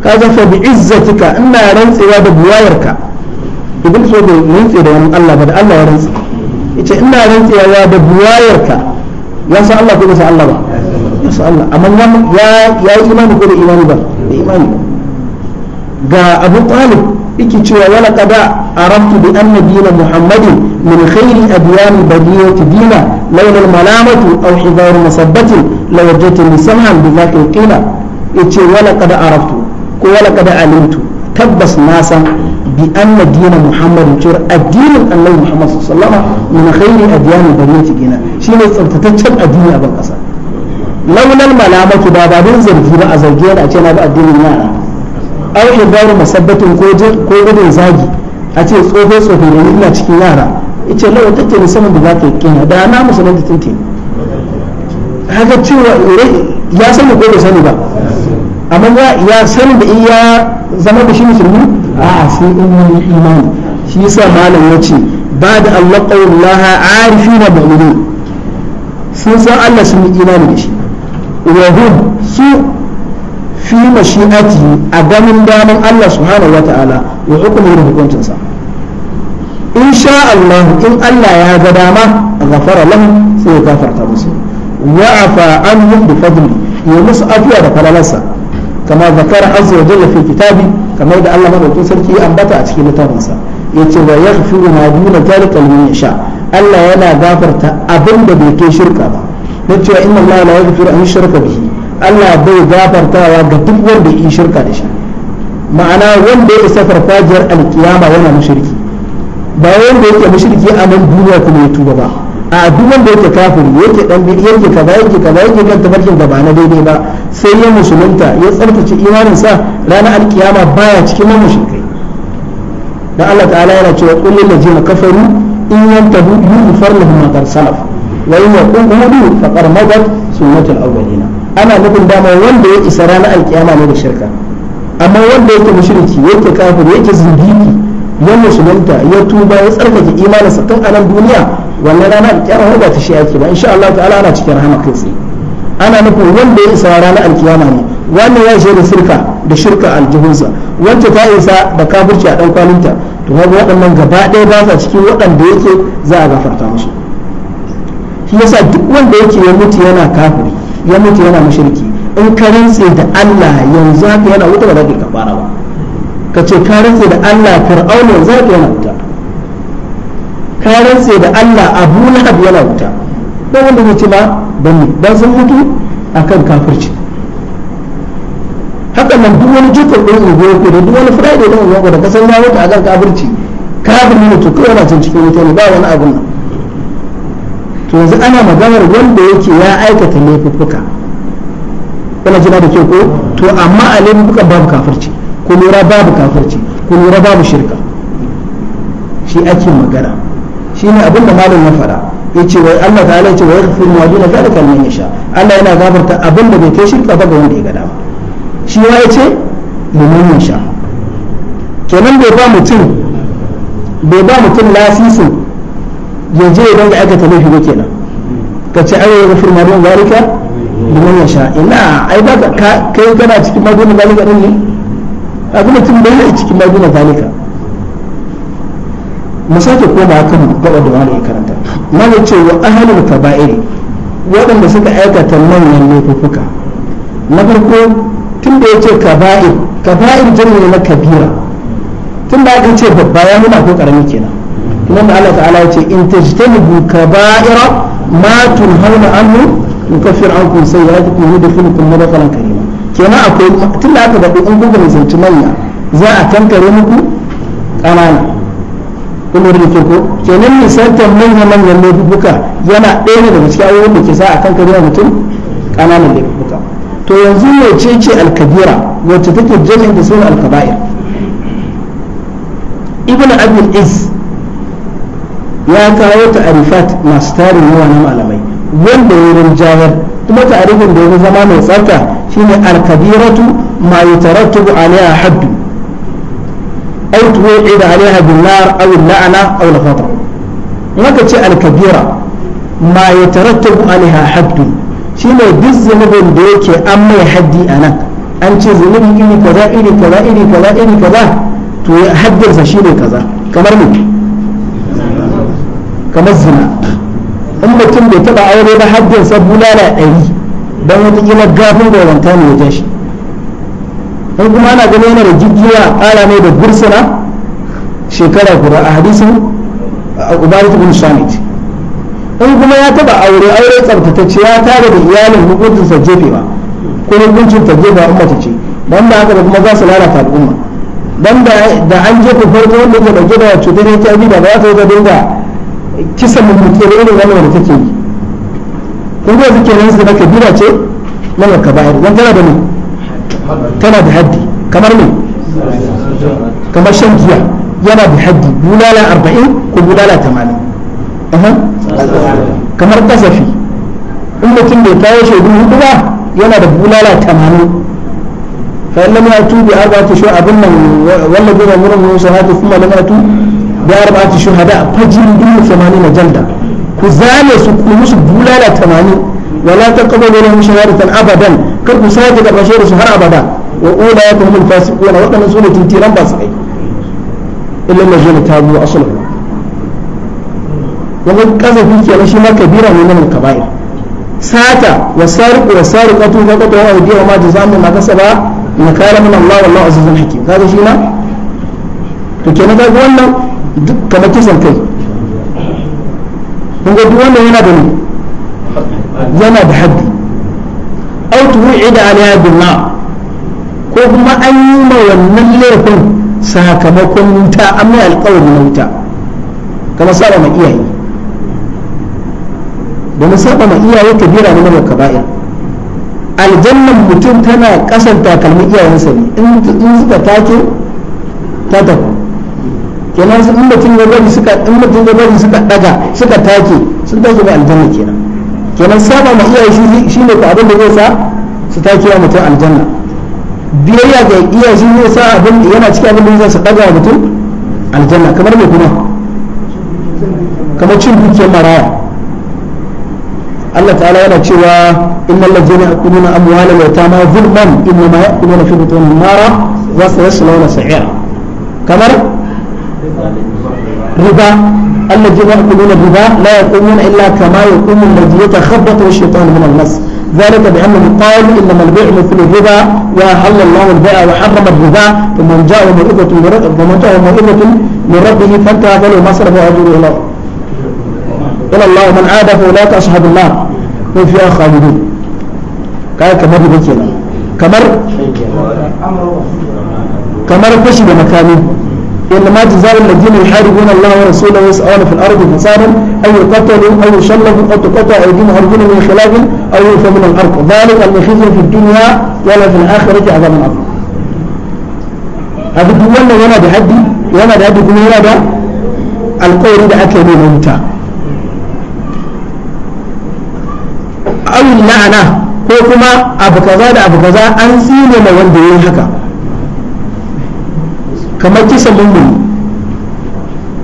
كذا فبعزتك إن رنس إرادة بوايرك ابن سود رنس إرادة الله بدأ الله رنس إيش إن رنس إرادة بوايرك يا سأل الله كل سأل الله يا سأل الله أما يا يا إيمان كل إيمان بقى إيمان بقى أبو طالب yake cewa wala kada arabtu bi anna dina muhammadin min khairi adyan badiyati dina laula al malamatu aw hidar masabbati la wajadtani samhan bi dhaka qila yace wala kada arabtu ko wala kada alimtu tabbas na san bi anna dina muhammadin cewa addinin annabi muhammad sallallahu alaihi wasallam min khairi adyan badiyati dina shine tsaftataccen addini a ban kasa laula al malamatu ba babin zargi ba a zargi da a ce na bi addinin yara aw ibaru masabbatin ko ko gudun zagi a ce tsofe tsofe ne ina cikin yara yace lawa take ne saman da za ta yi kina da na musu da tinti haka cewa ya sani ko bai sani ba amma ya sani da iya zama da shi musulmi a sai in yi imani shi yasa malam ya ce ba da Allah qawlullaha arifina mu'minin sun san Allah sun yi imani da shi wa hum su fi mashi'ati a ganin daman Allah subhanahu wata'ala wa hukumin da hukuncinsa in sha Allah in Allah ya ga dama ghafara lahu sai ya gafarta musu wa afa anhum bi fadli ya musu afiya da falalarsa kama zakara azza wa jalla fi kitabi kamar da Allah madaukakin sarki ya ambata a cikin littafinsa yace wa yaghfiru ma duna zalika liman yasha Allah yana gafarta abin da bai kai shirka ba na cewa inna Allah la yaghfiru an yushraka bihi Allah bai gafartawa ga duk wanda yi shirka da shi ma'ana wanda ya safar farfajiyar alkiyama yana mushriki ba wanda yake mushriki a nan duniya kuma ya tuba ba a duk wanda yake kafiri yake dan bidi yake kaza yake kaza yake kan tabarkin da ba na daidai ba sai ya musulunta ya tsarkace imanin sa ranar alkiyama baya cikin mushrikai dan Allah ta'ala yana cewa qul lil ladina kafaru in yantahu yughfar lahum ma qad salaf wa in yaqulu faqad madat sunnatul awwalina ana nufin dama wanda ya isa ranar alkiyama ne da shirka amma wanda yake mushriki yake kafir yake zindiki ya musulunta ya tuba ya tsarkake sa tun a nan duniya wannan rana alkiyama har ba ta shi ake ba insha Allah ta'ala ana cikin rahama kai tsaye ana nufin wanda ya isa ranar alkiyama ne wannan ya shaida shirka da shirka aljihunsa wacce ta isa da kafirci a dan kwalinta to kaga waɗannan gaba ɗaya ba sa cikin waɗanda yake za a gafarta musu shi yasa duk wanda yake ya mutu yana kafiri ya mutu yana mushriki in ka rantse da Allah yanzu haka yana wuta ba za ka kafara ba ka ce ka rantse da Allah fir'aun yanzu haka yana wuta ka rantse da Allah abu lahab yana wuta don wanda zai ce ba ban ne dan sun mutu akan kafirci haka nan duk wani jikon ɗin zuwa ko da duk wani friday ɗin zuwa da kasan ya wuta akan kafirci kafin ne to kawai yana cin cikin wuta ne ba wani abun nan to yanzu ana maganar wanda yake ya aikata laifuka kana jina da kyau ko to amma a laifuka babu kafirci ku lura babu kafirci ku lura babu shirka shi ake magana shi ne abin da malam ya faɗa ya ce wai Allah ta'ala ya ce wai yaghfir ma duna zalika ya sha Allah yana gafarta abin da bai kai shirka ba ga wanda ya gada shi ya ya ce liman yasha kenan bai ba mutum bai ba mutum lasisin yanzu ya dinga aikata laifi ba kenan ka ce ayyuka da firma don zalika domin ya sha ina ai ba ka kai kana cikin magunan zalika din ne a kuma tun bayyana cikin magunan zalika mu sake koma kan gaba da wani karanta karanta mana ce wa ahalul kaba'iri waɗanda suka aikata manyan laifuffuka na farko tun da ya ce kaba'ir kaba'ir jami'a na kabira tun da aka ce babba ya nuna ko karami kenan nan da Allah ta'ala ya ce in tajtanibu kaba'ira ma tunhauna anhu yukaffir ankum sayyi'atikum wa yudkhilukum mudkhalan karima kenan akwai tun da aka ga in kun gane zanci manya za a kankare muku kanana kun lura da ke ko kenan misaltan manya manyan ne laifuka yana ɗaya daga cikin abubuwan da ke sa a kankare mutum kananan laifuka to yanzu wace ce alkabira wacce take jami'in da sunan alkaba'ir ibn abdul is ya kawo ta'arifat masu tarin yawa na malamai wanda wurin jayar kuma ta'arifin da ya zama mai tsarka shine alkabiratu ma yutarattabu alaiha haddu aw tuwida alaiha bin nar aw la'ana aw al-khatar maka ce alkabira ma yutarattabu alaiha haddu shine duk zunubin da yake an mai haddi anan an ce zunubi iri kaza iri kaza iri kaza iri kaza to haddinsa shine kaza kamar mutum kamar zina in mutum bai taba aure ba haddin sa bulala ɗari don wata kila gafin gwaranta ne wajen shi in kuma ana gani yana da jijjiya ƙara ne da gursuna shekara guda a hadisin ubarit bin samit in kuma ya taba aure aure tsabtatacce ya tare da iyalin hukuncin sa jefewa ko hukuncin ta jefa umma ta ce dan da haka kuma za su lalata al'umma dan da an jefa farko wanda ke dauke da cutar HIV da ba za ta yi ta dinga kisan mummuke da irin wannan da take yi kun ga suke nan su na kabila ce mana kaba'ir don tana da ne tana da haddi kamar ne kamar shan giya yana da haddi bulala arba'in ko bulala tamanin kamar kasafi in mutum bai kawo shaidu hudu ba yana da bulala tamanin فإن لم يأتوا بأربعة شهور أبنا والذين يأمرون بالمنصحات kuma لم يأتوا bi arba'ati shuhada fajridu 80 jalda ku zane su ku musu bulala 80 wala taqbalu lahum shahadatan abadan kar ku sake da bashir su har abada wa ula yakum al fasiquna wadannan sune tintiran ba su kai illa majina tabu aslu wannan kazafi kenan shi ma kabira ne min kaba'ir sata wa sariqu wa sariqatu fa qad wa aydiya ma jazaa'u ma kasaba Allah shi to kenan wannan duk kamar kisan kai kun ga duk wannan yana da ne yana da haddi au tuwi'ida alaiha bin na ko kuma an yi ma wannan laifin sakamakon wuta an mai alkawarin wuta kamar saba ma iyaye domin saba ma iyaye kabira ne na kaba'ir aljannan mutum tana kasan takalmin iyayensa ne in suka take ta tafi kenan in mutum ya bari suka in mutum ya bari suka daga suka take sun take ba aljanna kenan kenan saba ma iyaye shi shine ko abin da zai sa su take wa mutum aljanna biyayya ga iyaye shi ne sa abin yana cikin abin da zai sa daga wa mutum aljanna kamar me kuma kamar cin dukiyar maraya Allah ta'ala yana cewa innal ladzina ya'kuluna amwala yatama zulman innama ya'kuluna fi butunihim nara wa sayaslawna sa'ira kamar ربا الذين يأكلون الربا لا يقومون إلا كما يقوم الذي يتخبط الشيطان من المس ذلك بأنه قال إنما البيع مثل الربا وأحل الله البيع وحرم الربا فمن جاءه موعظة فمن جاءه موعظة من ربه فانتهى فله ما صرف أجره الله إلى الله من عاد فأولئك أصحاب الله من فيها خالدين قال كما بكينا كمر كمر فشل مكانه وإنما تزال الذين يحاربون الله ورسوله ويسألون في الأرض فسادا أو يقتلوا أو يشلبوا أو تقطع أيديهم ويخرجون من خلاف أو يؤخذوا من الأرض ذلك الخزي في الدنيا ولا في الآخرة هذا من عظيم هذا الدنيا دول ولا بحدي ولا بحدي كل هذا القول إذا أكل من أو اللعنة كوكما أبو كذا أبو كذا abu kaza ولد tsine kamar kisan lullu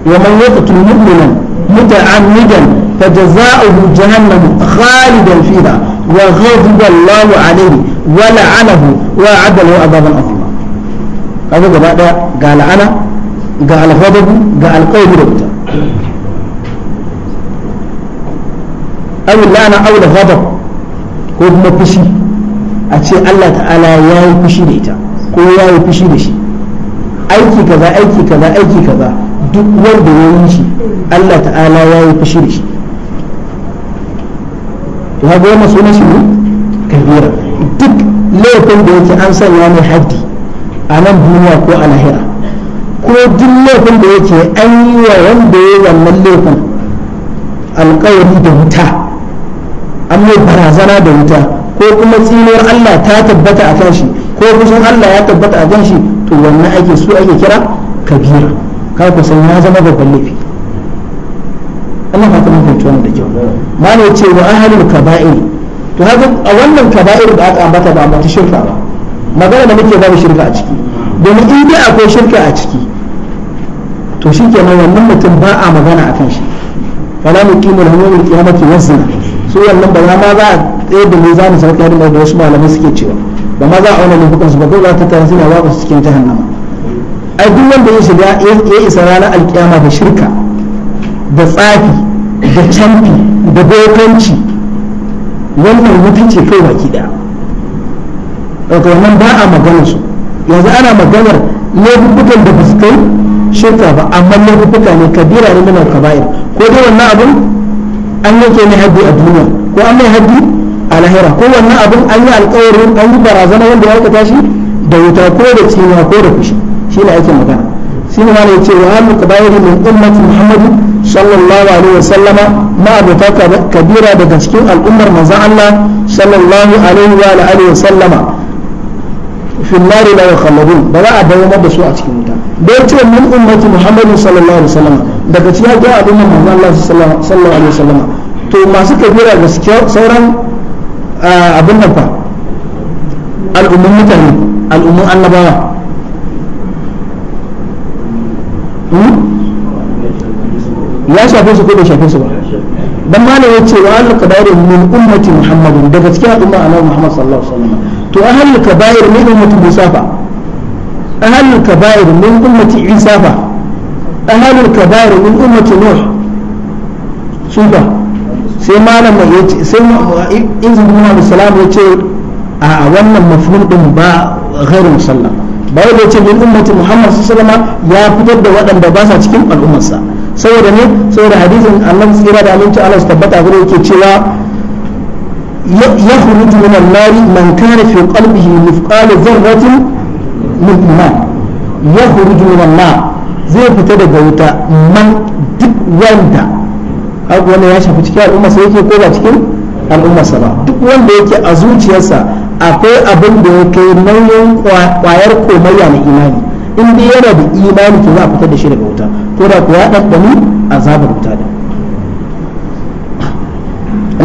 wa man yaqtul mu'mina muta'ammidan fajza'uhu jahannam khalidan fiha wa ghadiba Allahu alayhi wa la'anahu wa adalu adaban adhima kaga gaba daya ga la'ana ga al-ghadab ga al-qayd da wuta aw la'ana aw al-ghadab ko kuma fushi a ce Allah ta'ala yayi fushi da ita ko yayi fushi da shi aiki kaza aiki kaza aiki kaza duk wanda ya yi shi Allah ta'ala ya yi fushi da shi to haka yana suna shi ne kabira duk laifin da yake an sanya mai haddi a nan duniya ko a lahira ko duk laifin da yake an yi wa wanda ya yi wannan laifin alkawari da wuta an mai barazana da wuta ko kuma tsinuwar Allah ta tabbata a kan shi ko kusan Allah ya tabbata a kan shi to wannan ake su ake kira kabira ka ku san ya zama babban laifi Allah ka kuma fahimci wannan da kyau mana ya ce wa ahlul kaba'ir to haka a wannan kaba'ir da aka ambata ba ambata shirka ba magana da muke babu shirka a ciki domin in dai akwai shirka a ciki to shi kenan wannan mutum ba a magana a kan shi fala mu kimu da hanyoyin kiyamati wazna su wannan ba ma za a tsaye da mai mu sarki da wasu malamai suke cewa da maza za a auna lokutan su ba dole ta tare suna waƙa su cikin jahannama ai duk wanda ya shiga ya isa ranar alkiyama da shirka da tsafi da canfi da bokanci wannan wuta ce kai baki daya daga wannan ba a magana su yanzu ana maganar laifukan da fuskai shirka ba amma laifuka ne kabira ne na kaba'ir ko dai wannan abin an yanke ne haddi a duniya ko an mai haddi a lahira ko wannan abin an yi alkawarin an yi barazana wanda ya aikata shi da wuta ko da tsinuwa ko da fushi shi ne ake magana shi ne mana ce wa hannu kabairi min ummati muhammadu sallallahu alaihi wa sallama ma abota kabira daga cikin al'ummar manzon Allah sallallahu alaihi wa alihi wa sallama fil nari la yakhalladun ba za a dawo da su a cikin wuta bai ce min ummati muhammadu sallallahu alaihi wa sallama daga cikin al'ummar manzon Allah sallallahu alaihi wa sallama to masu kabira gaskiya sauran abin nan fa al'ummun mutane al'ummun annabawa hmm? ya shafe su ko bai shafe su ba dan malam ya ce wa ahal kabair min ummati muhammadin daga cikin al'umma annabi muhammad sallallahu alaihi wasallam to ahal kabair min ummati musa fa ahal kabair min ummati isa fa ahal bayar min ummati nuh su fa sai malam mai ya ce sai izu muna misalam ya ce a wannan mafhul din ba gairu sallah ba ya ce min ummatin muhammad su salama ya fitar da waɗanda ba sa cikin al'ummarsa saboda ne saboda hadisin annabi tsira da aminci allah su tabbata gudu yake cewa ya huru tunan lari man kare fi kalbihi mifkalu zarratin mutumman ya huru tunan lari zai fita daga wuta man duk wanda haka wannan ya shafi cikin al'umma sai yake ko ba cikin al'umma sa ba duk wanda yake a zuciyarsa akwai abin da ya kai nauyin kwayar komayya na imani in dai yana da imani to za a fitar da shi daga wuta ko da kuwa ɗanɗani azabar wuta da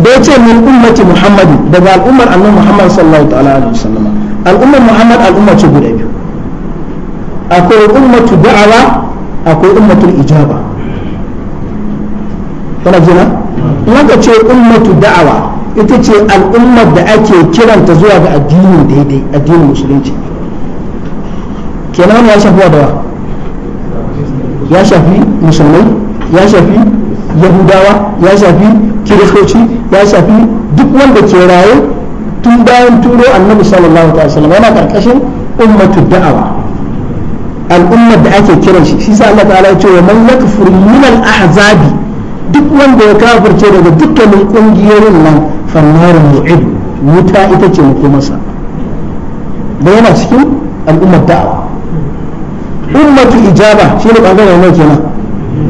da ya ce min ummati muhammadin daga al'ummar annabi muhammad sallallahu ta'ala alaihi wasallam al'ummar muhammad al'umma ce guda biyu akwai ummatu da'awa akwai ummatul ijaba kana jina in ka ce ummatu da'awa ita ce al'ummar da ake kiranta zuwa ga addinin daidai addinin musulunci kenan ya shafi da ya shafi musulmai ya shafi yahudawa ya shafi kiristoci ya shafi duk wanda ke raye tun bayan turo annabi sallallahu alaihi wasallam yana karkashin ummatu da'awa al'ummar da ake kiran shi shi sa Allah ta'ala ya ce wa man yakfur min al-ahzabi duk wanda ya kafirce daga dukkanin ƙungiyoyin nan fannar mu'id wuta ita ce makomarsa da yana cikin al'ummar da'awa ummatu ijaba shi ne bangaren nan kenan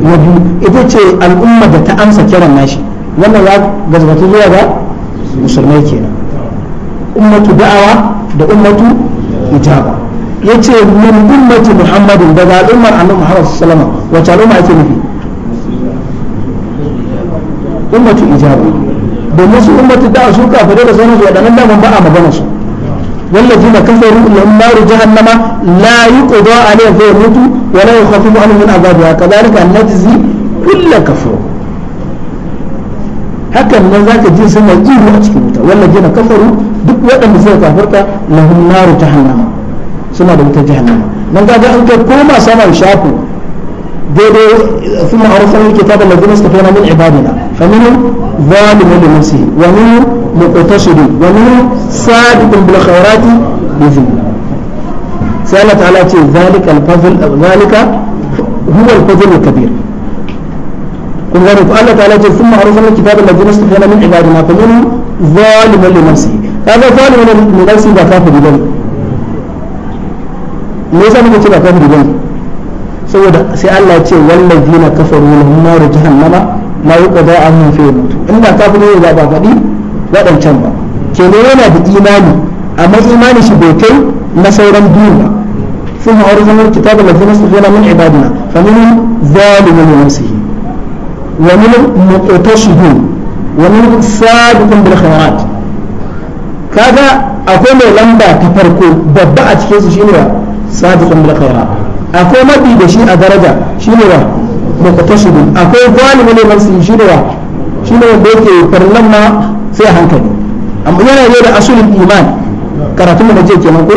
na biyu ita ce al'ummar da ta amsa kiran nashi wannan ya gazgatu zuwa ga musulmai kenan ummatu da'awa da ummatu ijaba Ya yace min ummati muhammadin daga al'ummar annabi muhammad sallallahu alaihi wasallam wacce al'umma ake nufi ummatu ijabu domin su ummatu da su kafirai da sauransu waɗannan daman ba a magana su والذين كفروا لهم نار جهنم لا يقضى عليهم فيموتوا ولا يخفف عنهم من عذابها كذلك نجزي كل كفور hakan nan zaka ji suna ihu a cikin wuta wannan jina kafaru duk waɗanda suka kafarta lahum naru jahannama suna da wutar jahannama nan kaga an kai koma sama shafu daidai sun ma'arufan kitaba ladina stafana min ibadina فمنهم ظالم لنفسه ومنهم مقتصد ومنهم صادق بالخيرات بذنب سأل تعالى ذلك الفضل ذلك هو الفضل الكبير قل ذلك قال تعالى ثم عرفنا الكتاب الذي استخدم من عبادنا فمنهم ظالم لنفسه هذا ظالم لنفسه إذا كافر بذنب ليس من كتب كافر بذنب saboda sai Allah ya ce wallazina kafaru ma yi ƙwada an yi fiye mutu in ba ta fi da ba waɗancan ba ke ne yana da imani amma imani shi bai kai na sauran biyu ba sun ma wani zamar kitab da lafiya su zana min ibadina faminin zalimin yawon su yi wani mutuwa shi biyu wani sabitin bilhawat kaga akwai mai lamba ta farko babba a cikin su shine wa sabitin bilhawat akwai mabi da shi a daraja shine wa muqtashidun akwai zalimin ne nafsi shi ne wa shi ne wanda yake farlan ma sai hankali amma yana da asulul iman karatun mu da je kenan ko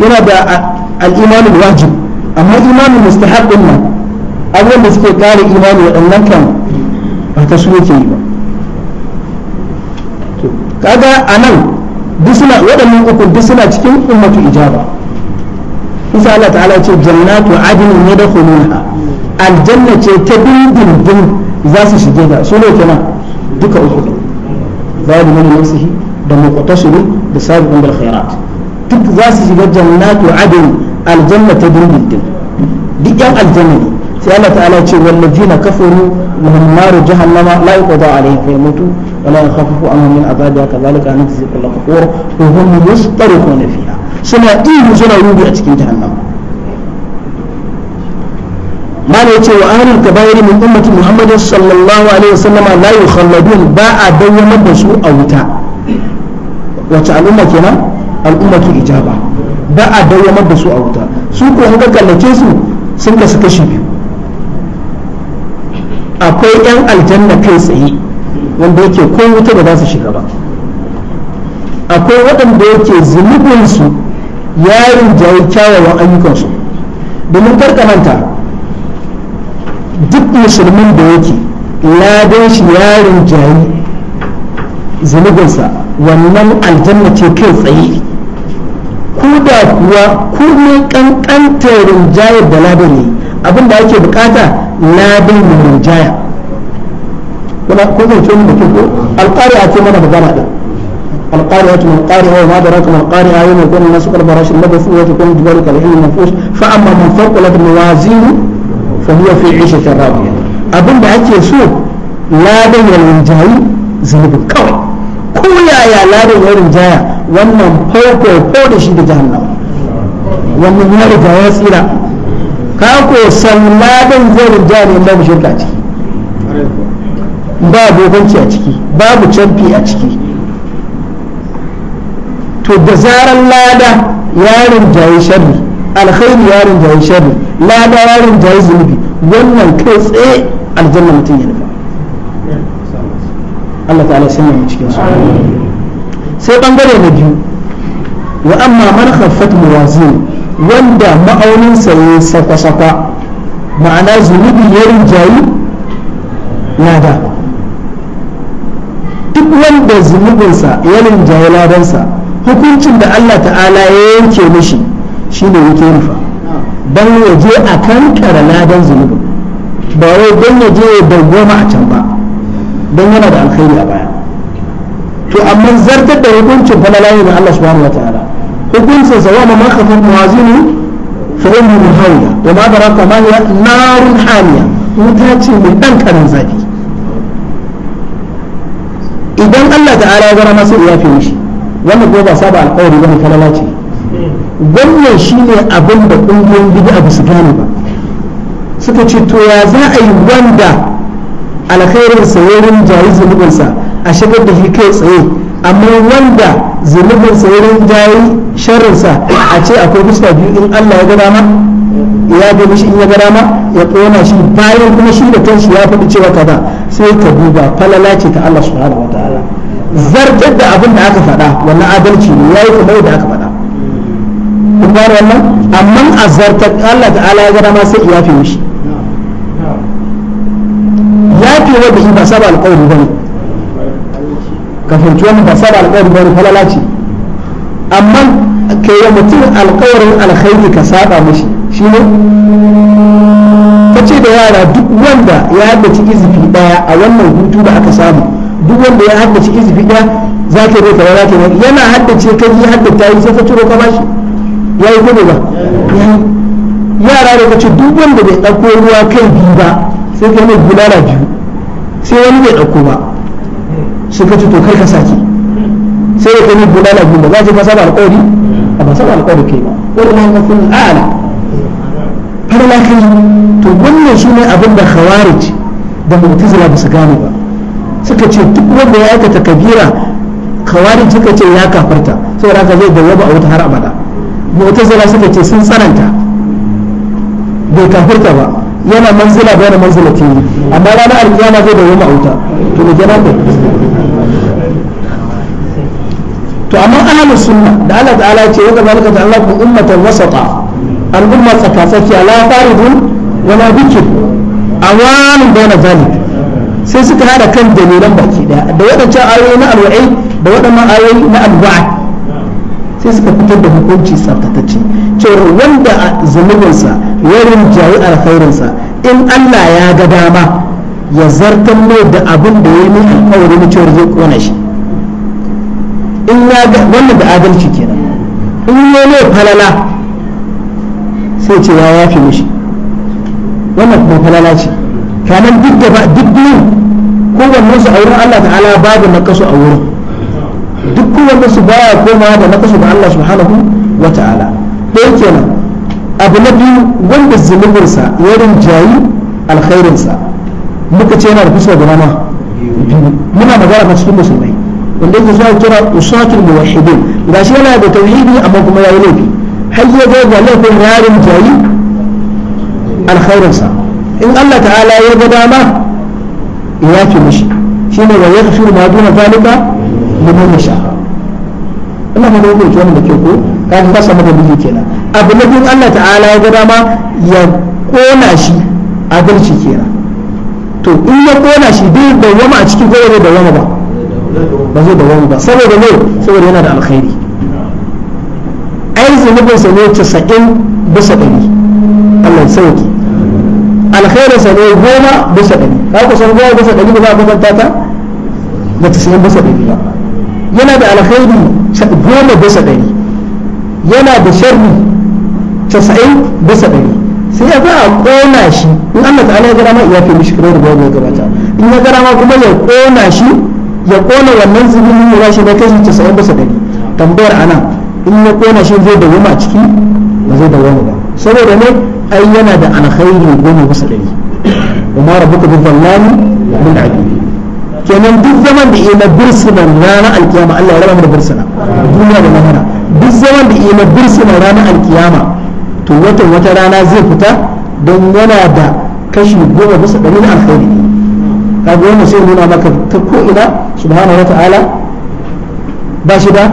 yana da al-iman wajib amma imanin mustahab din nan abin da suke kare imani waɗannan kan ba ta su yake yi ba kaga a nan waɗannan uku duk suna cikin ummatu ijaba isa Allah ta'ala ce jannatu adinin ne da khulunha aljanna ce ta dindindin za su shige da su ne kenan duka uku ne babu mani nafsihi da muqtashirin da sabiqun bil khairat duk za su shiga jannatu adin aljanna ta dindindin duk yan aljanna ne sai Allah ta'ala ce wallazina kafaru lahum naru jahannama la yuqda alaihim fa yamutu wa la yakhafafu anhum min azabiha kadhalika nujzi kull kafur wa hum mustarikuna fiha suna ihu suna rubi a cikin jahannama mana ya ce wa ahlul kabairi min ummatu muhammad sallallahu alaihi wasallam la yukhalladun ba a bayyanar da su a wuta wace al'umma kenan al'ummatu ijaba ba a bayyanar da su a wuta su ko ga kallace su sun ka kashi biyu akwai yan aljanna kai tsaye wanda yake ko wuta da za su shiga ba akwai wadanda yake zunubinsu ya rinjaye kyawawan ayyukansu domin karkananta duk musulmin da yake ladan shi yarin jayi zunubinsa wannan aljanna ce kai tsaye ko da kuwa kurmin kankantar rinjayar da ladan ne abin da ake bukata ladan ya rinjaya kuma ko zan ce da kiko alqari'a ce mana magana din القارعة ما القارعة وما أدراك ما القارعة يوم يكون الناس قد براش المبث وتكون الجبال كالعين المنفوش فأما من ثقلت موازينه fa huwa fi ishatin radiya abin da ake so ladan ya rinjayi zunubin kawai ko yaya ladan ya rinjaya wannan farko ko da shi da jahannama wannan ya riga ya tsira ka ko zai rinjaya ne babu shirka ciki ba bokanci a ciki babu canfi a ciki to da zarar lada ya rinjaye sharri alkhairi ya rinjaye sharri lada ya rinjaye zunubi wannan kai tsaye aljanna mutum ya nufa Allah ta'ala sanya mu cikin su sai bangare na biyu wa amma man khaffat mawazin wanda ma'aunin sa ya sakwa-sakwa ma'ana zunubi ya rinjayi lada duk wanda zunubinsa ya rinjayi ladansa hukuncin da Allah ta'ala ya yanke mishi shi ne yake nufa don ya je a kan karala don zunubi ba wai don ya je ya dawwama a can ba don yana da alkhairi a baya to amma zartar da hukuncin falalayi na Allah subhanahu wa ta'ala hukuncin sa wani makafin mawazini fa inna min wa ma daraka ma hiya narun hamiya wuta ce mai dan karin zafi idan Allah ta'ala ya gara masa iyafe mishi wannan ko ba saba alƙawari bane ta ce wannan ne abin da ƙungiyoyin gida a su gane ba suka ce to ya za a yi wanda alkhairin sayarin jayi zunubinsa a shigar da shi kai tsaye amma wanda zunubin sayarin jayi sharrinsa a ce akwai fuska biyu in Allah ya ga dama ya ga shi in ya ga dama ya ƙona shi bayan kuma shi da kanshi ya faɗi cewa kaza sai ka duba falala ce ta Allah subhanahu ta'ala zartar da abin da aka faɗa wannan adalci ne ya yi kuma da aka kun gane wannan amma azarta Allah ta'ala ya ga ma sai ya fi mishi ya fi wanda shi ba saba alƙawari bane ka fahimci wannan ba saba alƙawari bane falala ce amma ka yi mutum alƙawarin alkhairi ka saba mishi shi ne ta ce da yara duk wanda ya haddace izifi daya a wannan hutu da aka samu duk wanda ya haddace izifi daya za ka yi kaza za ka yana haddace kai ya haddace yi sai ka ciro ka bashi ya yi gudu ba yara da kace duk wanda bai ɗauko ruwa kai biyu ba sai kai mai bulala biyu sai wani bai ɗauko ba sai ka ce to kai ka sake sai ya kai mai bulala biyu ba za ka fasa ba alƙawari a ba saba alƙawari kai ba wani na ka kun ala har la kai to wannan su ne abin da khawarij da mu'tazila ba su gane ba suka ce duk wanda ya aikata kabira khawarij suka ce ya kafarta saboda haka zai ba a wata har abada mu'tazila suka ce sun tsananta bai kafirta ba yana manzila bai da manzila ke yi amma rana alkiyama zai da wani ma'auta to da gina da to amma ahlu sunna da Allah ta'ala ce wa ta ta'allaku ummatan wasata al'umma tsakatsakiya la faridun wala bikir awanin bayna zalik sai suka hada kan dalilan baki daya da wadancan ayoyi na alwa'i da wadannan ayoyi na alwa'i sai suka fitar da hukunci tsaftatacce cewa wanda a zunubinsa ya rinjayi alkhairinsa in Allah ya ga dama ya zartar mai da abin da ya yi alkawari na cewar zai kona shi in ya ga wannan da adalci kenan in ya ne falala sai ce ya yafe mishi wannan kuma falala ce kanan duk da ba duk biyu kowanne musu a wurin Allah ta'ala babu na kaso a wurin duk wanda su baya komawa da nakasu ga Allah subhanahu wa ta'ala ɗaya kenan abu na biyu wanda zunubinsa ya rinjayi alkhairinsa muka ce yana da fuska guda ma muna magana kan cikin musulmai wanda yake zuwa kira usatul muwahhidin gashi yana da tauhidi amma kuma yayi laifi har ya ga ga laifin yarin jayi alkhairinsa in Allah ta'ala ya ga dama ya yafe mishi shine wa yaghfiru ma duna zalika domin ya sha Allah ma dole ya da ke ko kaga ka da biyu kenan abu na biyu Allah ta'ala ya ga dama ya kona shi adalci kenan to in ya kona shi da wama a cikin gore da wama ba ba zai dawwama ba saboda ne saboda yana da alkhairi ai zunubinsa ne 90 bisa 100 Allah ya sauke alkhairin sa ne goma bisa ɗari ka kusan goma bisa ɗari ba za a kwatanta ta da tasa'in bisa ɗari ba yana da alkhairi goma bisa ɗari yana da sharri casa'in bisa ɗari sai ya za a ƙona shi in Allah ta'ala ya gara ma iya fi mishi kamar da bayan ya gabata in ya gara ma kuma ya ƙona shi ya ƙona wannan zubin ya ba shi na kashi casa'in bisa ɗari tambayar ana in ya ƙona shi zai dawoma a ciki ba zai da dawoma ba saboda ne ai yana da alkhairi goma bisa ɗari umar rabuka bin zallani bin abidi kenan duk zaman da ina bursunan ranar alkiyama Allah ya raba mu da bursuna duniya da lahira duk zaman da ina bursunan ranar alkiyama to wata rana zai fita don yana da kashi goma bisa ɗari na alkhairi kaga wannan sai nuna maka ta ko ina subhanahu wataala ba shi da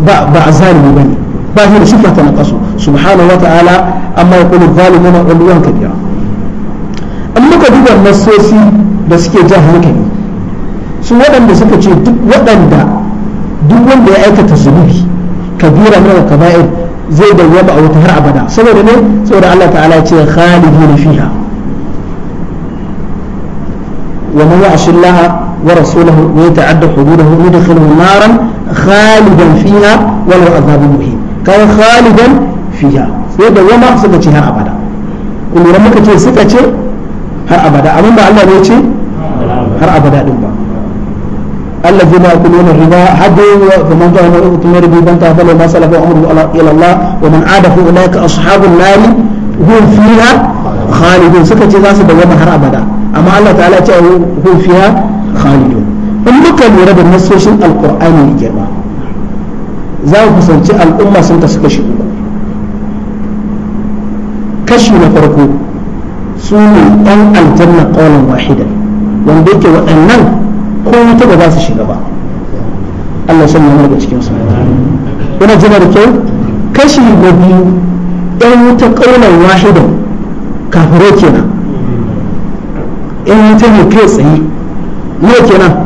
ba ba azalimi bane ba shi da sifa ta naqasu subhanahu wataala amma yaqulu zalimuna kabira amma ka duba nasosi da suke jan hankali su waɗanda suka ce duk waɗanda duk wanda ya aikata zunubi kabira min al-kaba'ir zai dawwama a wata har abada saboda ne saboda Allah ta'ala ya ce khalidina fiha wa man ya'shi Allah wa rasulahu wa yata'adda hududahu yudkhiluhu naran khalidan fiha wa lahu adhabun muhin kan khalidan fiha sai da dawwama suka ce har abada kun lura muka ce suka ce har abada amma ba Allah ne ya ce har abada din ba الذين يأكلون الربا حد فمن جاء من ربي بنتهى فله ما سلف أمره إلى الله ومن عاد فأولئك أصحاب النار هم فيها خالدون سكت ناس دوما هر أبدا أما الله تعالى هم فيها خالدون المكة يرد النصوص القرآن الجمع زاو سنتي الأمة سنت سكشي كشي نفرقو سوني أن الجنة قولا واحدا وندك وأنن ko wata da za su shiga ba Allah san mu daga cikin su wani jina da kyau kashi da biyu ɗan wuta ƙaunar wahidan kafiro kenan yan wuta ne kai tsaye ne kenan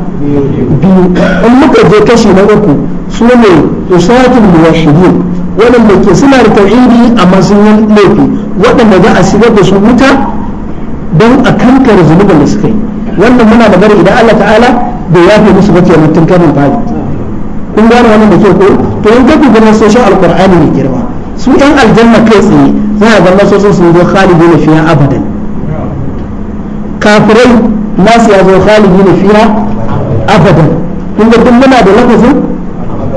biyu in muka je kashi na uku su ne usatul muwahhidin waɗanda ke suna da tauhidi amma sun yi laifi waɗanda za a shigar da su wuta don a kankar zunubar da suka yi wannan muna da magana idan Allah ta'ala bai yafe musu ba mutum tun kanin fari kun gane wannan da ke ko to in ka dubi nasoshin alqur'ani mai girma su yan aljanna kai tsaye za a ga nasoshin sun zo khalidun fiha abadan kafirai nasu ya zo khalidun fiha abadan kun ga duk muna da lafazin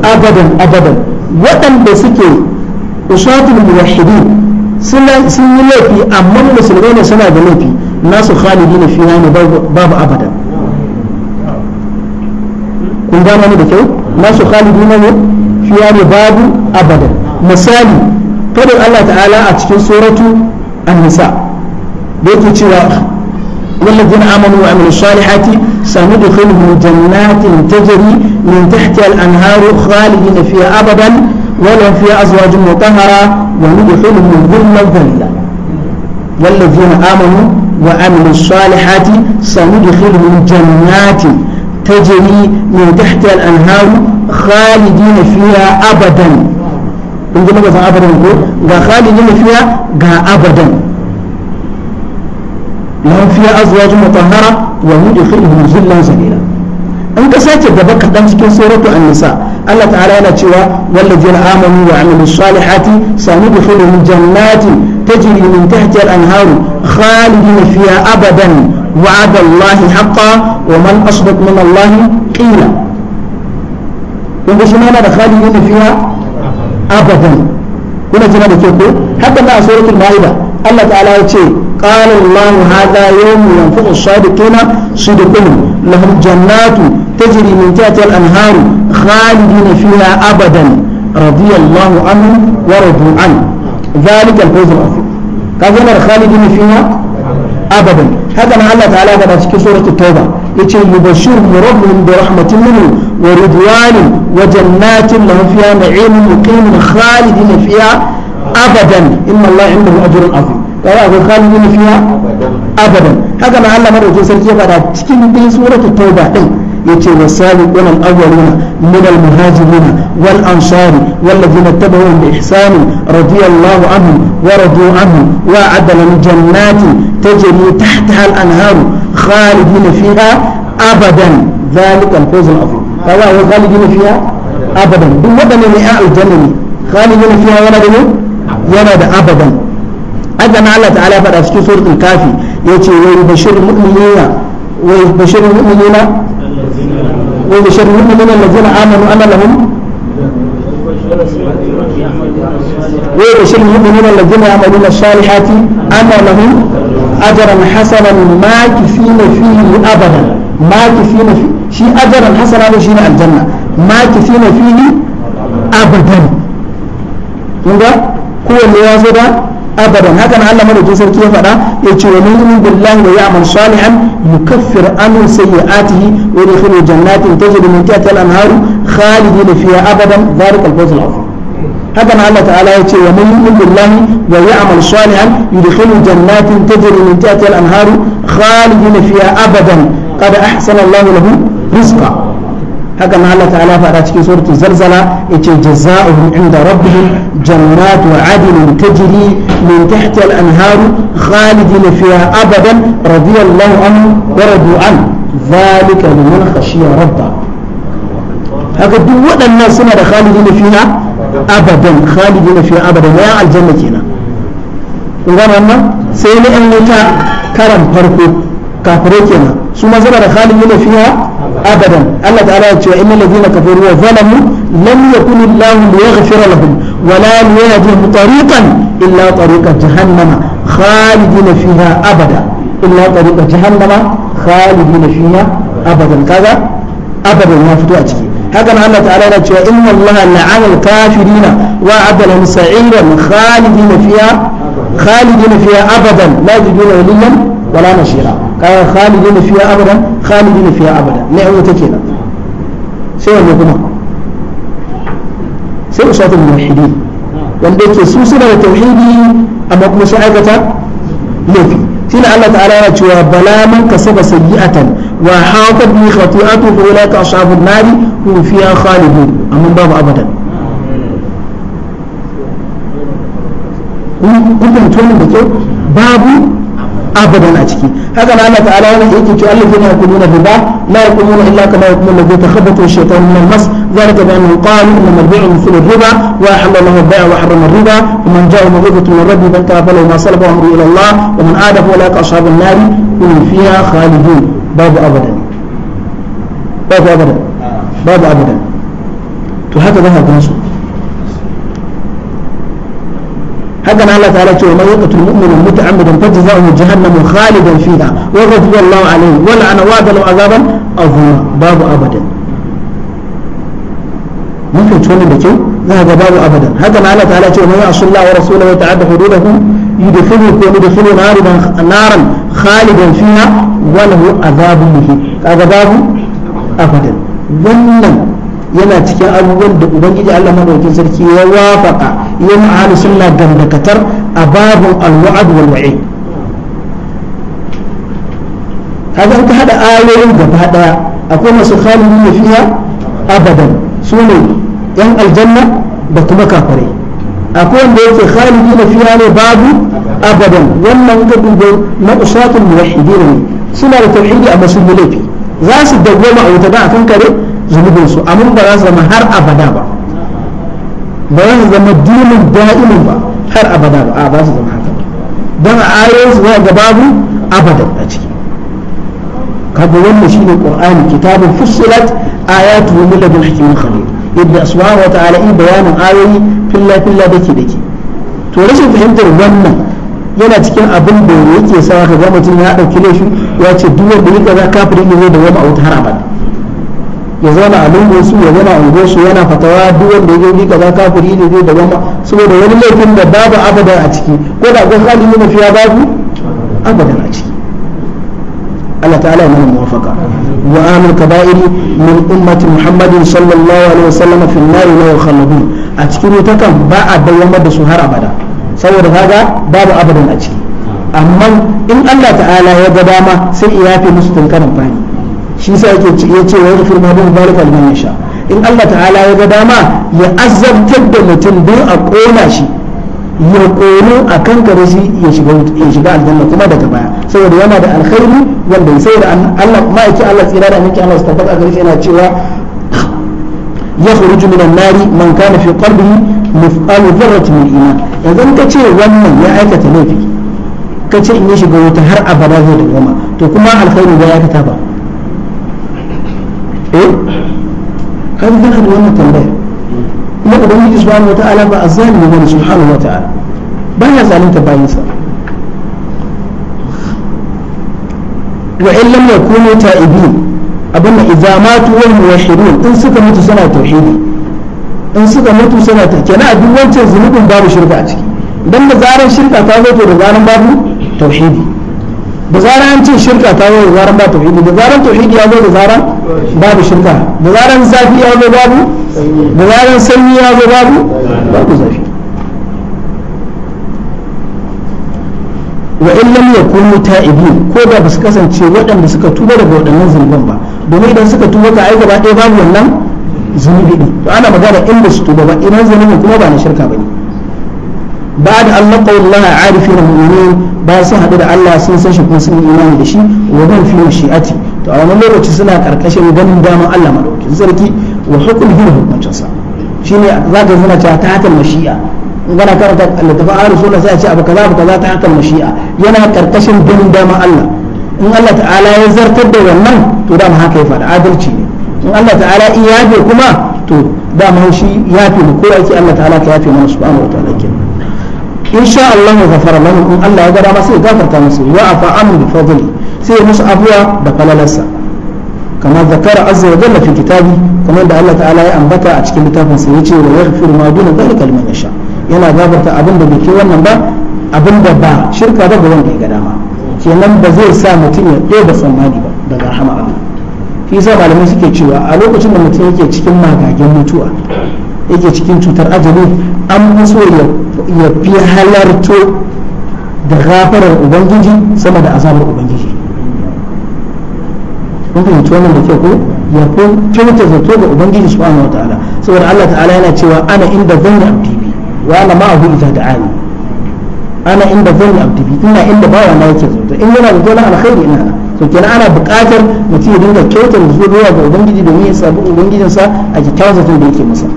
abadan abadan waɗanda suke ushatul muwahhidin sun yi laifi amma musulmai ne suna da laifi nasu khalidin fiha ne babu abada kun gano da kyau nasu khalidin ne fiha ne babu abada misali kada Allah ta'ala a cikin suratu an-nisa da yake cewa والذين آمنوا وعملوا الصالحات سندخلهم جنات تجري من تحتها الأنهار خالدين فيها أبدا ولهم فيها أزواج مطهرة وندخلهم ظلا ذليلا والذين آمنوا وعملوا الصالحات سندخلهم جنات تجري من تحت الأنهار خالدين فيها أبدا عندما قلت أبدا نقول خالدين فيها غا أبدا لهم فيها أزواج مطهرة وندخلهم ظلا زليلا أنت ساتر دبك في سورة النساء الله تعالى لا تشوى والذين آمنوا وعملوا الصالحات سندخلهم جنات تجري من تحت الأنهار خالدين فيها أبدا وعد الله حقا ومن أصدق من الله قيلا يقول ماذا خالدين فيها أبدا هنا جنا بكيكو حتى مع سورة المائدة الله تعالى يقول قال الله هذا يوم ينفق الصادقين صدقهم لهم جنات تجري من تحت الأنهار خالدين فيها أبدا رضي الله عنهم ورضوا عنه ذلك الفوز العظيم kaga yana khalidin fiha abadan haka nan Allah ta'ala ga cikin suratul tauba yace yubashshiruhum rabbuhum bi rahmatin minhu wa ridwanin wa jannatin lahum fiha na'imun muqimin khalidin fiha abadan inna Allah indahu ajrun azim kaga akwai khalidin fiha abadan haka na Allah madaukakin sarki ya fada cikin din suratul tauba din يتي wasabiquna الأولون من min والأنصار والذين اتبعوهم بإحسان رضي الله عنهم ورضوا عنه وأعد لهم جنات تجري تحتها الأنهار خالدين فيها أبدا ذلك الفوز العظيم فلا هو خالدين فيها أبدا بمدن مئة الجنة خالدين فيها ولد ولد أبدا أدنى الله تعالى فلا سورة الكافي يتي ويبشر المؤمنين ويبشر المؤمنين وبشر المؤمنين الذين آمنوا أن لهم وبشر المؤمنين الذين يعملون الصالحات أن لهم أجرا حسنا ماكثين فيه أبدا ماكثين فيه شيء أجرا حسنا شيء الجنة ماكثين فيه أبدا كنت kowanne ya zo da abadan hakan Allah madaukin sarki ya faɗa ya ce wa min billahi wa ya'mal salihan يكفر عنه سيئاته ويدخله جنات تجري من تحتها الانهار خالدين فيها ابدا ذلك الفوز العظيم هذا الله تعالى يقول ومن يؤمن بالله ويعمل صالحا يدخله جنات تجري من تحتها الانهار خالدين فيها ابدا قد احسن الله له رزقا haka ma Allah ta'ala faɗa cikin suratul zalzala yace jazaa'uhum inda rabbihim jannatu adnin tajri min tahtiha al-anharu khalidin fiha abadan radiyallahu anhu wa radu an zalika liman khashiya rabba haka duk waɗannan suna da khalidin fiha abadan khalidin fiha abadan ya aljanna kenan kun gane wannan sai na yan wuta karan farko kafirai kenan su ma zama da khalidin fiha أبدا الله تعالى إن الذين كفروا وظلموا لم يكن الله ليغفر لهم ولا ليهديهم طريقا إلا طريق جهنم خالدين فيها أبدا إلا طريق جهنم خالدين فيها أبدا كذا أبدا ما فتوى هكذا الله تعالى إن الله لعن الكافرين وعد لهم سعيرا خالدين فيها خالدين فيها أبدا لا يجدون وليا ولا نشيرا قال خالدين فيها أبدا خالدين فيها أبدا لا نعمة كنا سوى لكم سوى صوت الموحدين وانديك سوسنا التوحيدي أما كم سعيدة لفي تلا الله تعالى يتوى بلا من كسب سيئة وحاط به خطيئات أولئك أصحاب النار هم فيها خالدون أما باب أبدا قلت متولي بكو باب أبدا لا تشكي هذا معنى تعالى يأتي تؤلف ما يقومون ببا لا يقومون إلا كما يقومون الذي تخبطوا الشيطان من المس ذلك بأنه قال إنما البيع مثل الربا وأحل الله البيع وحرم الربا ومن جاء مغيبة من الرب بل تابله ما صلب أمره إلى الله ومن عاده ولاك أصحاب النار هم فيها خالدون باب أبدا باب أبدا باب أبدا تحدث هذا الناس haka na Allah ta'ala cewa man yaqtul mu'mina muta'ammidan fajza'uhu jahannamu khalidan fiha wa ghadiba Allahu alayhi wa la'ana wa'ada lahu azaban azima babu abadan mun fahimci wannan da kyau za ga babu abadan haka na Allah ta'ala cewa man ya'sullaha wa rasulahu wa ta'adda hududahu يدخله يدخله نارا نارا خالدا فيها وله عذاب مهين kaga babu abadan wannan yana cikin abubuwan da ubangiji Allah madaukakin sarki ya wafaka yin ahli sunna gamdakatar a babin alwa'ad wal wa'i kaga an ka hada ayoyin gaba daya akwai masu khalidin fiha abadan su ne yan aljanna da kuma kafirai akwai wanda yake khalidin fiha ne babu abadan wannan ga dubo na usatul muwahhidin ne suna da tauhidi a masu laifi za su dawwama a wuta da akan kare zunubinsu amma ba za har abada ba ba za su zama dinin da'imin ba har abada ba a ba su zama haka don ayoyin su ga babu abada a ciki kaga wannan shine qur'ani kitabun fussilat ayatu min ladun hakimin khabir yadda subhanahu wa ta'ala in bayanin ayoyi filla filla dake dake to rashin fahimtar wannan yana cikin abin da yake sa ka ga mutum ya dauki laifi ya ce duk wanda yake za kafiri ne da wani a wuta har abada ya zauna a lungun su ya zauna a su yana fatawa duk wanda ya gani kaza kafiri ne zai daban saboda wani laifin da babu abadan a ciki ko da akwai halin yin mafiya babu abadan a ciki Allah ta'ala ya nuna muwafaka wa amil kaba'iri min ummati Muhammadin sallallahu alaihi wasallam fi an-nar la yukhalladun a cikin wuta kan ba a bayyana da su har abada saboda kaga babu abadan a ciki amma in Allah ta'ala ya ga dama sai ya fi musu tunkarin fani shi sa yake ya ce wa yadkhul ma bin baraka liman in Allah ta'ala ya ga dama ya azabtar da mutum don a kona shi ya kone a kan kare shi ya shiga aljanna kuma daga baya saboda yana da alkhairi wanda ya sayar Allah ma Allah tsira da miki Allah tabbata a yana cewa yakhruju minan nari man kana fi qalbihi mithqalu dharratin min iman idan ka ce wannan ya aikata laifi ka ce in ya shiga wuta har abada zai dawoma to kuma alkhairi ba ya aikata ba eh har da ka wannan tambaya na ubangiji subhanahu wataala ba azzalimi bane subhanahu wataala baya zalunta bayinsa wa in lam yakunu ta'ibin abinda idza matu wal muwahhidun in suka mutu suna tauhidi in suka mutu suna ta kenan a duk wancan zunubin babu shirka a ciki dan da zaran shirka ta zo to da zaran babu tauhidi da zaran an ce shirka ta zo da zaran ba tauhidi da zaran tauhidi ya zo da zaran babu shirka da zaran zafi ya zo babu da zaran sanyi ya zo babu babu zafi wa in lam yakun muta'ibin ko da ba su kasance waɗanda suka tuba daga waɗannan zunuban ba domin idan suka tuba ka aika ba ɗaya babu wannan zunubi ne to ana magana in ba su tuba ba idan zunubin kuma ba na shirka ba ne ba da Allah qawlullah arifina mu'minin ba su haɗu da Allah sun san shi kuma sun imani da shi wa ban fi shi'ati to a wani lokaci suna karkashin ganin daman Allah madaukakin sarki wa hukumin hukuncin sa shine za ka zuna cewa ta hatar mashi'a in kana karanta littafin ahlus sunna sai a ce abu kaza abu kaza ta hatar mashi'a yana karkashin ganin daman Allah in Allah ta'ala ya zartar da wannan to dama haka ya faɗa adalci ne in Allah ta'ala in yafe kuma to dama shi yafe mu kowa yake Allah ta'ala ka yafe mana subhanahu wa ta'ala kenan in Allah ya gafara lahum in Allah ya gada masu ya gafarta masu wa afa amu bi fadli sai musu abuwa da falalarsa kamar zakara azza wa jalla fi kitabi kamar da Allah ta'ala ya ambata a cikin littafin sa yace wa yaghfiru ma duna dhalika liman yasha yana gafarta abin da bai wannan ba abin da ba shirka ba ga wanda ya ga dama kenan ba zai sa mutum ya ɗaya tsammani ba daga rahama Allah shi yasa malamai suke cewa a lokacin da mutum yake cikin magagen mutuwa yake cikin cutar ajali an so ya fi halarto da gafarar ubangiji sama da azabar ubangiji kun fahimci wannan da kyau ko ya ko kyauta zato ga ubangiji subhanahu wataala saboda Allah ta'ala yana cewa ana inda zanni abdi bi wa ana ma'ahu idza da'ani ana inda zanni abdi bi ina inda bawa na yake zato in yana da na alkhairi ina na to kenan ana buƙatar mutum ya dinga kyautar zuwa ga ubangiji domin ya sabu ubangijinsa a kyakkyawan zaton da yake masa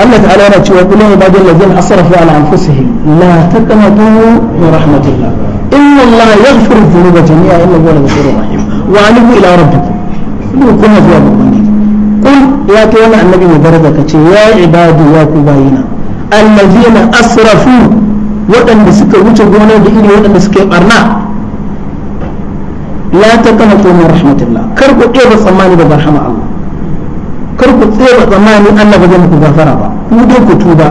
الله تعالى يقول لهم بعد الذين أصرفوا على أنفسهم لا تقنطوا من رحمة الله inna allaha yaghfiru dhunuba jami'a illa annabi ya ibadu ya ku bayina allazina asrafu waɗanda suka wuce gona da iri waɗanda barna la taqnatu min rahmatillah kar ku ɗeba tsammani daga rahama Allah ku tseba tsammani Allah ba zai muku ba ku dai ku tuba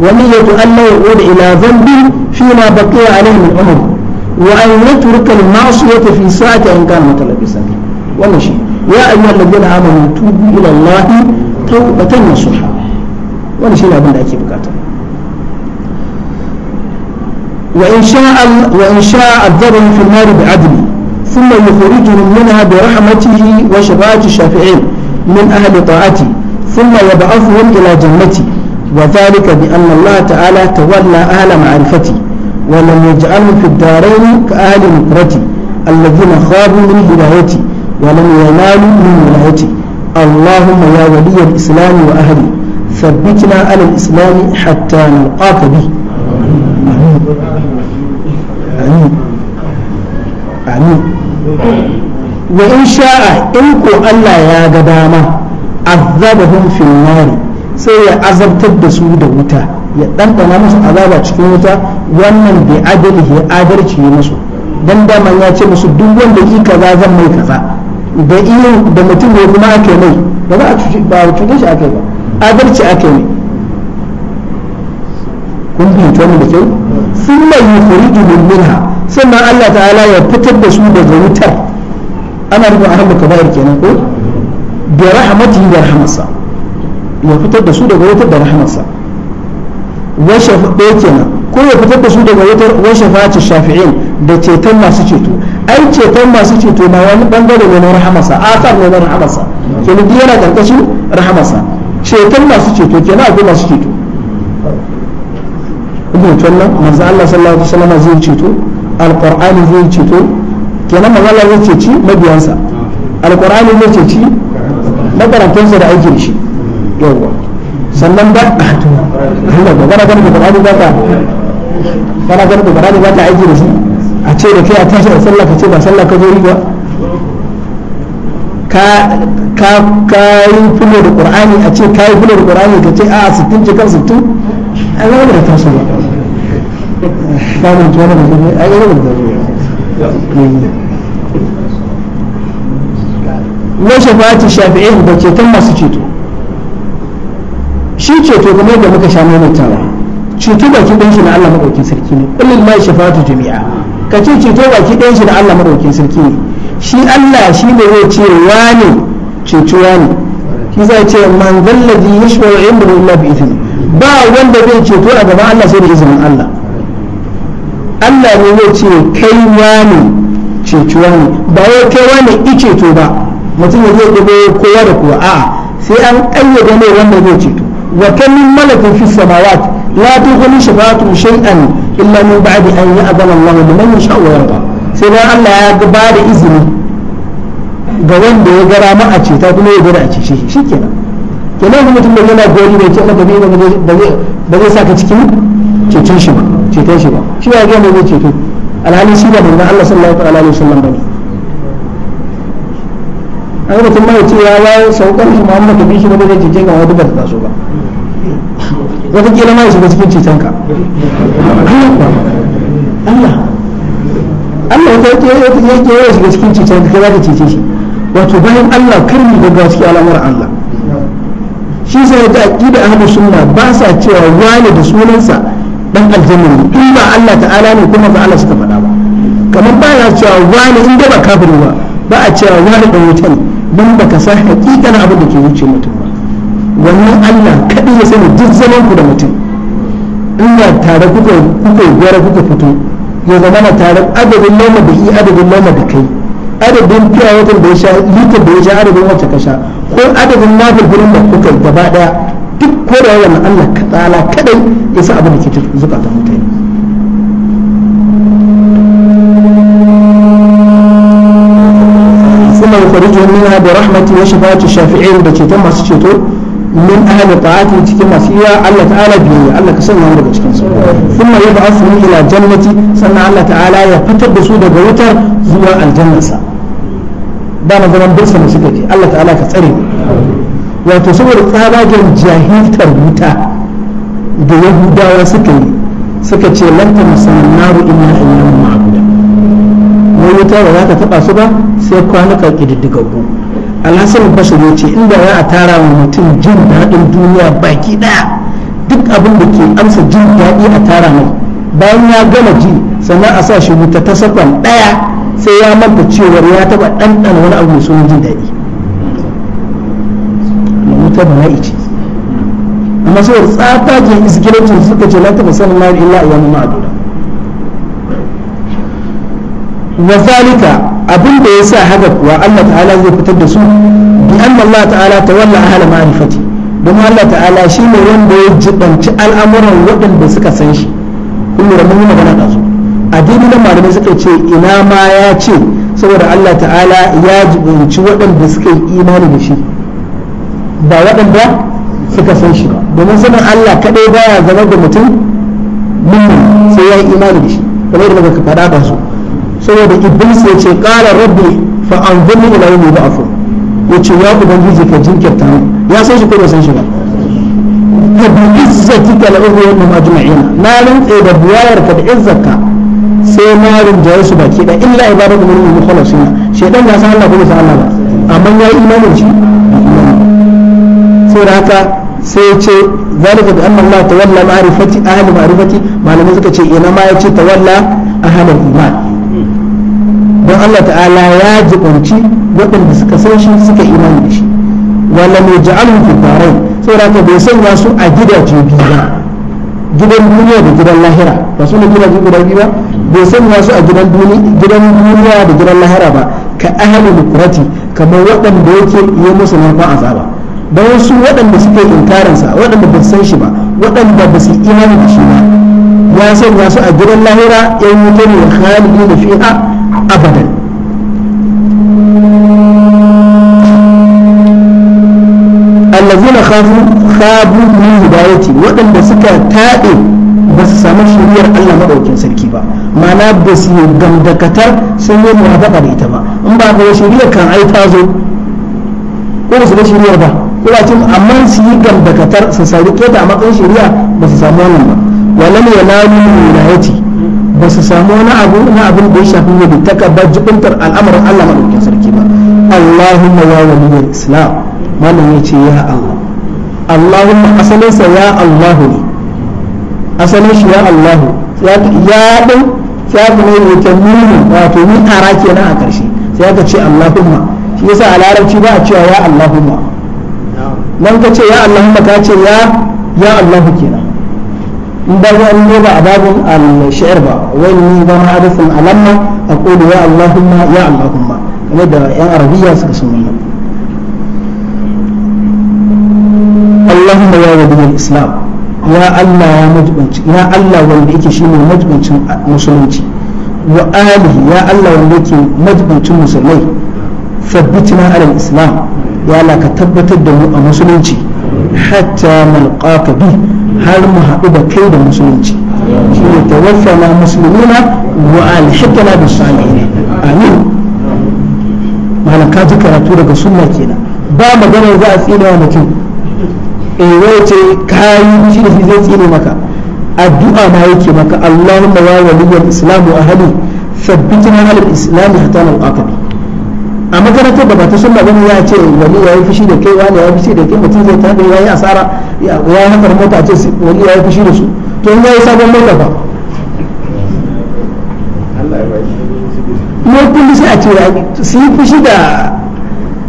ونية أن لا يعود إلى ذنب فيما بقي عليه من عمره وأن يترك المعصية في ساعة إن كان متلبسا ولا شيء يا أيها الذين آمنوا توبوا إلى الله توبة نصوحا ولا شيء لابد أن بكاتا وإن شاء وإن شاء أذبهم في النار بعدل ثم يخرجهم منها برحمته وشفاعة الشافعين من أهل طاعته ثم يبعثهم إلى جنته وذلك بأن الله تعالى تولى أهل معرفتي ولم يجعلهم في الدارين كأهل نكرتي الذين خابوا من هدايتي ولم ينالوا من ولايتي اللهم يا ولي الإسلام وأهلي ثبتنا على الإسلام حتى نلقاك به آمين آمين وإن شاء إنكو ألا يا قدامة عذبهم في النار sai ya azabtar da su da wuta ya ɗanɗana musu azaba cikin wuta wannan bai adali ya adalci ya musu dan daman ya ce musu duk wanda yi kaza zan mai kaza da iya da mutum ne kuma ake mai ba za a cuce ba a cuce shi ake ba adalci ake mai kun fahimci tuwa da kyau sun mai kuri min minha sannan Allah ta'ala ya fitar da su daga wutar ana nufin ahmad kabair kenan ko bi rahmatihi wa rahmatsa ya fitar da su daga wutar da rahmarsa washe ɗaya kenan ko ya fitar da su daga wutar washe fati shafi'in da ceton masu ceto ai ceton masu ceto na wani bangare ne na a asar ne na rahmarsa kenan duk yana karkashin rahmarsa ceton masu ceto kenan abu masu ceto ibn tunna manzo Allah sallallahu alaihi wasallam zai ceto alqur'ani zai ceto kenan manzo Allah zai ceci mabiyansa alqur'ani zai ceci makarantansa da aikin shi yawwa sannan ba Allah ba ganin ta Qur'ani ba ta a ce da kai a tashi a sallah ka ce ba sallah ka zo yi ka ka ka da Qur'ani a ce ka yi da Qur'ani ka ce a 60 60 ta ba ba mun tuwa eh. shafi'in da masu ceto shi ceto kuma da muka sha maimaitawa ceto baki ɗan shi na Allah maɗaukin sarki ne kullum mai shafatu jami'a ka ce ceto baki ɗan shi na Allah maɗaukin sarki ne shi Allah shi ne zai ce wane ceto wani shi zai ce man zallazi yashfa'u inda illa bi izni ba wanda zai ceto a gaban Allah sai da izinin Allah Allah ne zai ce kai wane ceto wani ba wai kai wani iceto ba mutum ya zai ɗigo kowa da kowa a'a sai an ƙayyade ne wanda zai ceto وكم من ملك في السماوات لا تغني شفاعتهم شيئا إلا من بعد أن يأذن الله لمن يشاء ويرضى سيدنا الله يقبار إذني ga wanda ya gara ma a ceta kuma ya gara a cece shi shi kenan kenan kuma mutum da yana gori bai ce maka ba zai saka cikin ceton shi ba ceton shi ba shi ya gama zai ceto alhali shi da Allah sallallahu alaihi wasallam bane an mutum mai ce ya ya saukar shi Muhammad bin shi ba zai jijjin wani ba ta ba wata kila ma ya shiga cikin cutan ka Allah Allah ya kila ya shiga cikin cutan ka za ka cece shi wato bayan Allah kar mu gaggawa cikin al'amuran Allah shi sai da aqida ahlus sunna ba sa cewa wani da sunansa dan aljanna ne in ba Allah ta'ala ne kuma ba Allah suka faɗa ba kamar ba ya cewa wani in da ba kafiri ba ba a cewa wani da wuta ne dan baka san hakikanin abin da ke wuce mutum wannan Allah kaɗai ya sani duk zaman ku da mutum ina tare kuka kuka gwara kuka fito ya zama na tare adadin loma da adadin loma da kai adadin fiyawatar da ya sha litar da ya sha adadin wacce ka sha ko adadin nafil gurin da kuka gaba daya duk da yawan Allah kaɗala kaɗai ya sa abin da ke ta mutane ثم يخرجهم منها برحمته وشفاعة الشافعين بتشيتم masu ceto. min ahli ta'ati cikin masu iya Allah ta'ala biyu Allah ka sanya daga cikin su kuma ya ba su ila jannati sannan Allah ta'ala ya fitar da su daga wutar zuwa aljannarsa ba na zaman bursa ne suka ce Allah ta'ala ka tsare wato saboda tsabagen jahiltar wuta da yahudawa suka yi suka ce lanta musamman naru ina ina ma'abuda wani wuta ba za ka taba su ba sai kwanuka ƙididdigaggu alhassan basa ya ce inda za a tara wa mutum jin daɗin duniya baki ɗaya duk abin da ke amsa jin daɗi a tara mai bayan ya gama ji sannan a sa shi wuta ta sakon ɗaya sai ya manta cewar ya taɓa ɗanɗana wani abu mai suna jin daɗi wuta ba ya ce amma sai tsata ke isgilancin suka ce na taɓa sanin mari illa a yamma ma'adura wa abin da ya sa haka kuwa Allah ta'ala zai fitar da su bi an Allah ta'ala tawalla ahla ma'rifati don Allah ta'ala shi ne wanda ya jibanci al'amuran waɗanda suka san shi kun mun yi magana da su a da malamai suka ce ina ma ya ce saboda Allah ta'ala ya jibanci waɗanda suka yi imani da shi ba waɗanda suka san shi ba domin sanin Allah kaɗai baya zama da mutum mun sai ya yi imani da shi kamar yadda muka faɗa da su saboda iblis ya ce ƙara rabbi fa an anzurni ila yawmi ba afu ya ce ya ubangiji ka jinkirta ne ya san shi ko bai san shi ba ka bi izzatika la ughwiyannahum ajma'ina na rantse da ka da izzaka sai na rinjaye su baki da illa ibadatu minhum mukhlasina shedan ya san Allah ko bai san Allah ba amma ya yi imanin shi sai da haka sai ya ce zalika bi anna Allah tawalla ma'rifati ahli ma'arifati malamai suka ce ina ma ya ce tawalla halin iman Allah ta'ala ya jibanci waɗanda suka san shi suka imani da shi wala mai ja'alu fi sai saboda ka bai sanya su a gidaje biyu ba gidan duniya da gidan lahira ba su ne gidaje guda biyu ba bai sanya su a gidan duniya da gidan lahira ba ka ahalin kurati kamar waɗanda yake yi musu a azaba ba wasu waɗanda suke inkarinsa waɗanda ba san shi ba waɗanda ba su imani da shi ba ya sanya su a gidan lahira yan wuta ne khalidi da fiha abadan khabu min hidayati waɗanda suka taɗe ba su samu shiriyar Allah maɗaukin sarki ba mana ba su yi gamdakatar sun yi muwafaqa da ita ba in ba ka shiriyar kan ai ta zo ko su da shiriyar ba ko ce amma su yi gamdakatar su sari keta a matsayin shiriya ba su samu wannan ba walam yanalu wilayati ba su samu wani abu na abin da ya shafi ne ta takabbar jibintar al'amarin Allah maɗaukin sarki ba Allahumma ya waliyar Islam malam ya ce ya Allah Allahumma asalinsa ya Allahu ne asalin ya Allahu ya ɗin ya wato ni ara kenan a ƙarshe sai aka ce Allahumma shi yasa a larabci ba a cewa ya Allahumma nan ka ce ya Allahumma ka ya Allahu kenan in ba ya ne ba a babu al-shi'r ba wani ba ma hadisin alamma aqulu ya ya kamar da yan suka اللهم يا ولي الإسلام يا الله يا مجبنش يا الله wanda yake shine majbancin musulunci wa alihi ya Allah wanda yake majbancin musulmai thabbitna ala islam ya Allah ka tabbatar da mu a musulunci hatta malqaka bi har mu haɗu da kai da musulunci shine tawaffana muslimina wa alhiqna bis salihin amin malam ka karatu daga sunna kenan ba magana za a tsira wa mutum in eh, wace kayi shi da shi zai tsine maka addu'a ma yake maka Allahumma wa waliyyal islam wa ahli thabbitina ala al-islam hatta al-aqab a makarantar da ba ta sunna bane ya ce wani ya yi fushi da kai wani ya yi fushi da kai mutum zai tabe ya yi asara ya yi hakar mota a ce wani ya yi fushi da su to in ya yi sabon mota ba mai kulli sai a ce su yi fushi da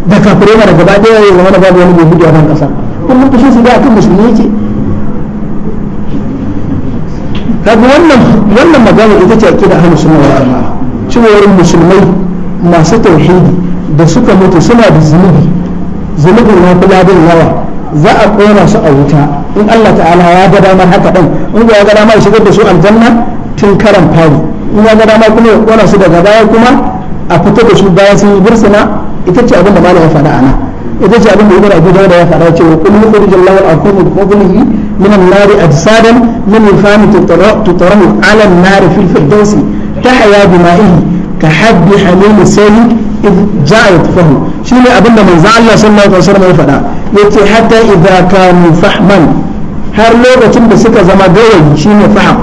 da kafirai mara gaba ɗaya ya zama na babu wani bai hudu a ƙasa kullum kashin su da musulmi yake kaga wannan wannan magana ita ce ake ahlus sunna wal jamaa cewar musulmai masu tauhidi da suka mutu suna da zunubi zunubin na fi ladin yawa za a kora su a wuta in Allah ta'ala ya ga damar haka din in ya ga damar shigar da su aljanna tun karan fari in ya ga damar kuma ya kora su daga baya kuma a fito da su bayan sun yi bursuna ita ce abin da malama ya faɗa a nan ita ce abin da ibn abu dawud ya fara cewa kullu yukhrijullahu al-afum bi fadlihi min an-nar ajsadan min al-fami ala an-nar fil firdausi tahya bima'ihi ka habbi hamim sayyid id ja'a yatfahu shine abin da manzo Allah sallallahu alaihi wasallam ya fada yace hatta idza kanu fahman har lokacin da suka zama gawayi shine faham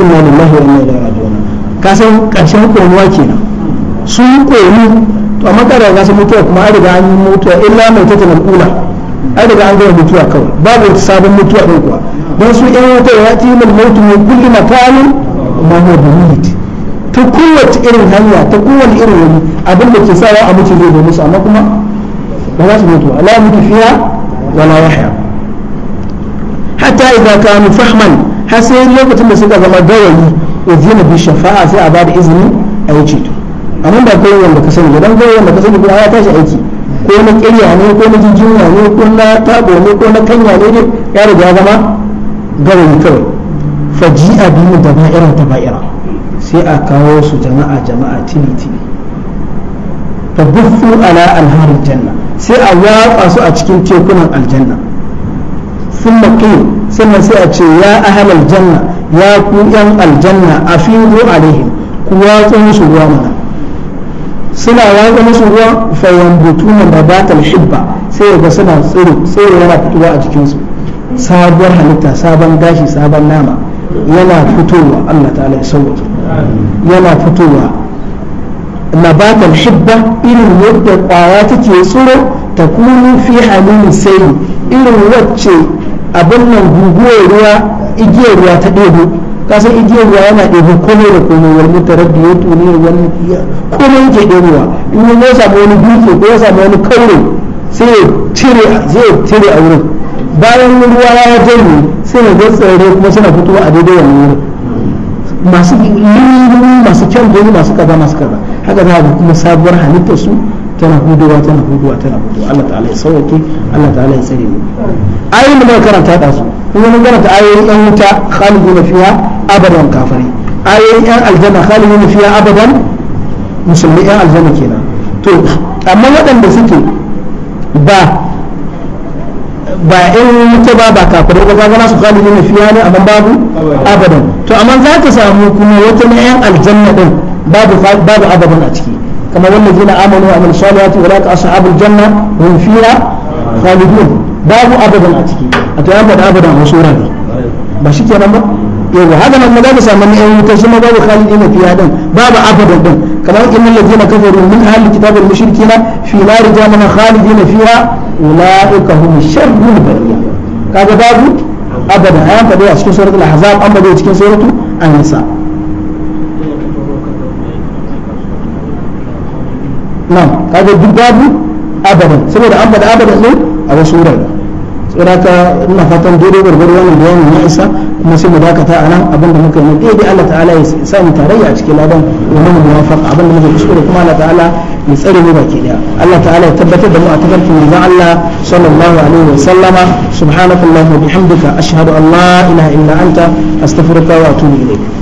inna lillahi wa inna ilaihi raji'un kasan karshen konuwa kenan sun konu to amma kada ga su mutuwa kuma an riga an yi mutuwa illa mai tata al'ula an riga an gama mutuwa kawai babu wata sabon mutuwa ɗin kuwa don su yan wuta ya ti min mutu min kulli makamin ma huwa bimit ta kowace irin hanya ta kowane irin wani abin da ke sawa a mutu zai zo musu amma kuma ba za su mutu ala mutu fiya wala yahya hatta idza kanu fahman har sai lokacin da suka zama gawayi wa zina bi shafa'a sai a ba da izini a yi ceto amma ba kai wanda ka sani dan kai wanda ka sani kuma ya tashi aiki ko na kirya ne ko na jinjina ne ko na tabo ne ko na kanya ne dai ya riga ya zama gawayi kawai faji'a biyu da ba'ira da ba'ira sai a kawo su jama'a jama'a tini tini ta buffu ala anharil janna sai a watsa su a cikin tekunan aljanna sun qil sannan sai a ce ya ahlal janna ya ku yan aljanna fi alaihim ku watsa musu ruwa mana suna watsa musu ruwa fayan butuna da batal shibba sai ga suna tsiro ga yana fitowa a jikinsu sabuwar halitta sabon gashi sabon nama yana fitowa Allah ta'ala ya sauwata yana fitowa na nabatal shibba irin yadda kwaya take tsiro ta kuma fi halin sai irin wacce abin nan guguwar ruwa igiyar ruwa ta ɗebo kasan san igiyar ruwa yana ɗaya kome da kome wani mutara biyu tuni wani kome yake ɗebowa in wani ya samu wani dutse ko ya samu wani kauro sai ya cire zai cire a wurin bayan ruwa ya jami sai ya ga tsere kuma suna fitowa a daidai wani wurin masu yi masu kyan gani masu kaza masu kaza haka za a kuma sabuwar halittar su tana huduwa tana huduwa tana huduwa Allah ta'ala ya sauke Allah ta'ala ya tsare mu ayoyin da muka karanta da su kuma mun karanta ayoyin yan wuta khalidun fiha abadan kafiri ayoyin yan aljanna khalidun fiha abadan musulmi yan aljanna kenan to amma waɗanda suke ba ba in wuta ba ba kafirai ba kaga nasu khalidun fiha ne amma babu abadan to amma za ka samu kuma wata na yan aljanna din babu babu abadan a ciki كما والذين آمنوا وعملوا الصالحات أولئك أصحاب الجنة هم فيها خالدون باب أبدا أتكي أتأبد أبدا وصورا بشي كنا ما يو هذا ما مدرس من يتسمى باب خالدين في هذا باب أبدا كما إن الذين كفروا من أهل الكتاب المشركين في نار جهنم خالدين فيها أولئك هم الشر البرية كذا باب أبدا أنا فدي أشكي سورة الأحزاب أما دي أشكي سورة النساء nan kaga duk babu abadan saboda an bada abadan din a wasu wurare saboda ina fatan daidai gwargwaro wannan bayanin ya isa kuma sai mu dakata a nan abinda muka yi daidai Allah ta'ala ya sa mu tarayya a cikin ladan wa mu muwafaqa abinda muka kuskure kuma Allah ta'ala ya tsare mu baki daya Allah ta'ala ya tabbatar da mu a tafarkin manzon Allah sallallahu alaihi wa sallama subhanakallahu wa bihamdika ashhadu an la ilaha illa anta astaghfiruka wa atubu ilayk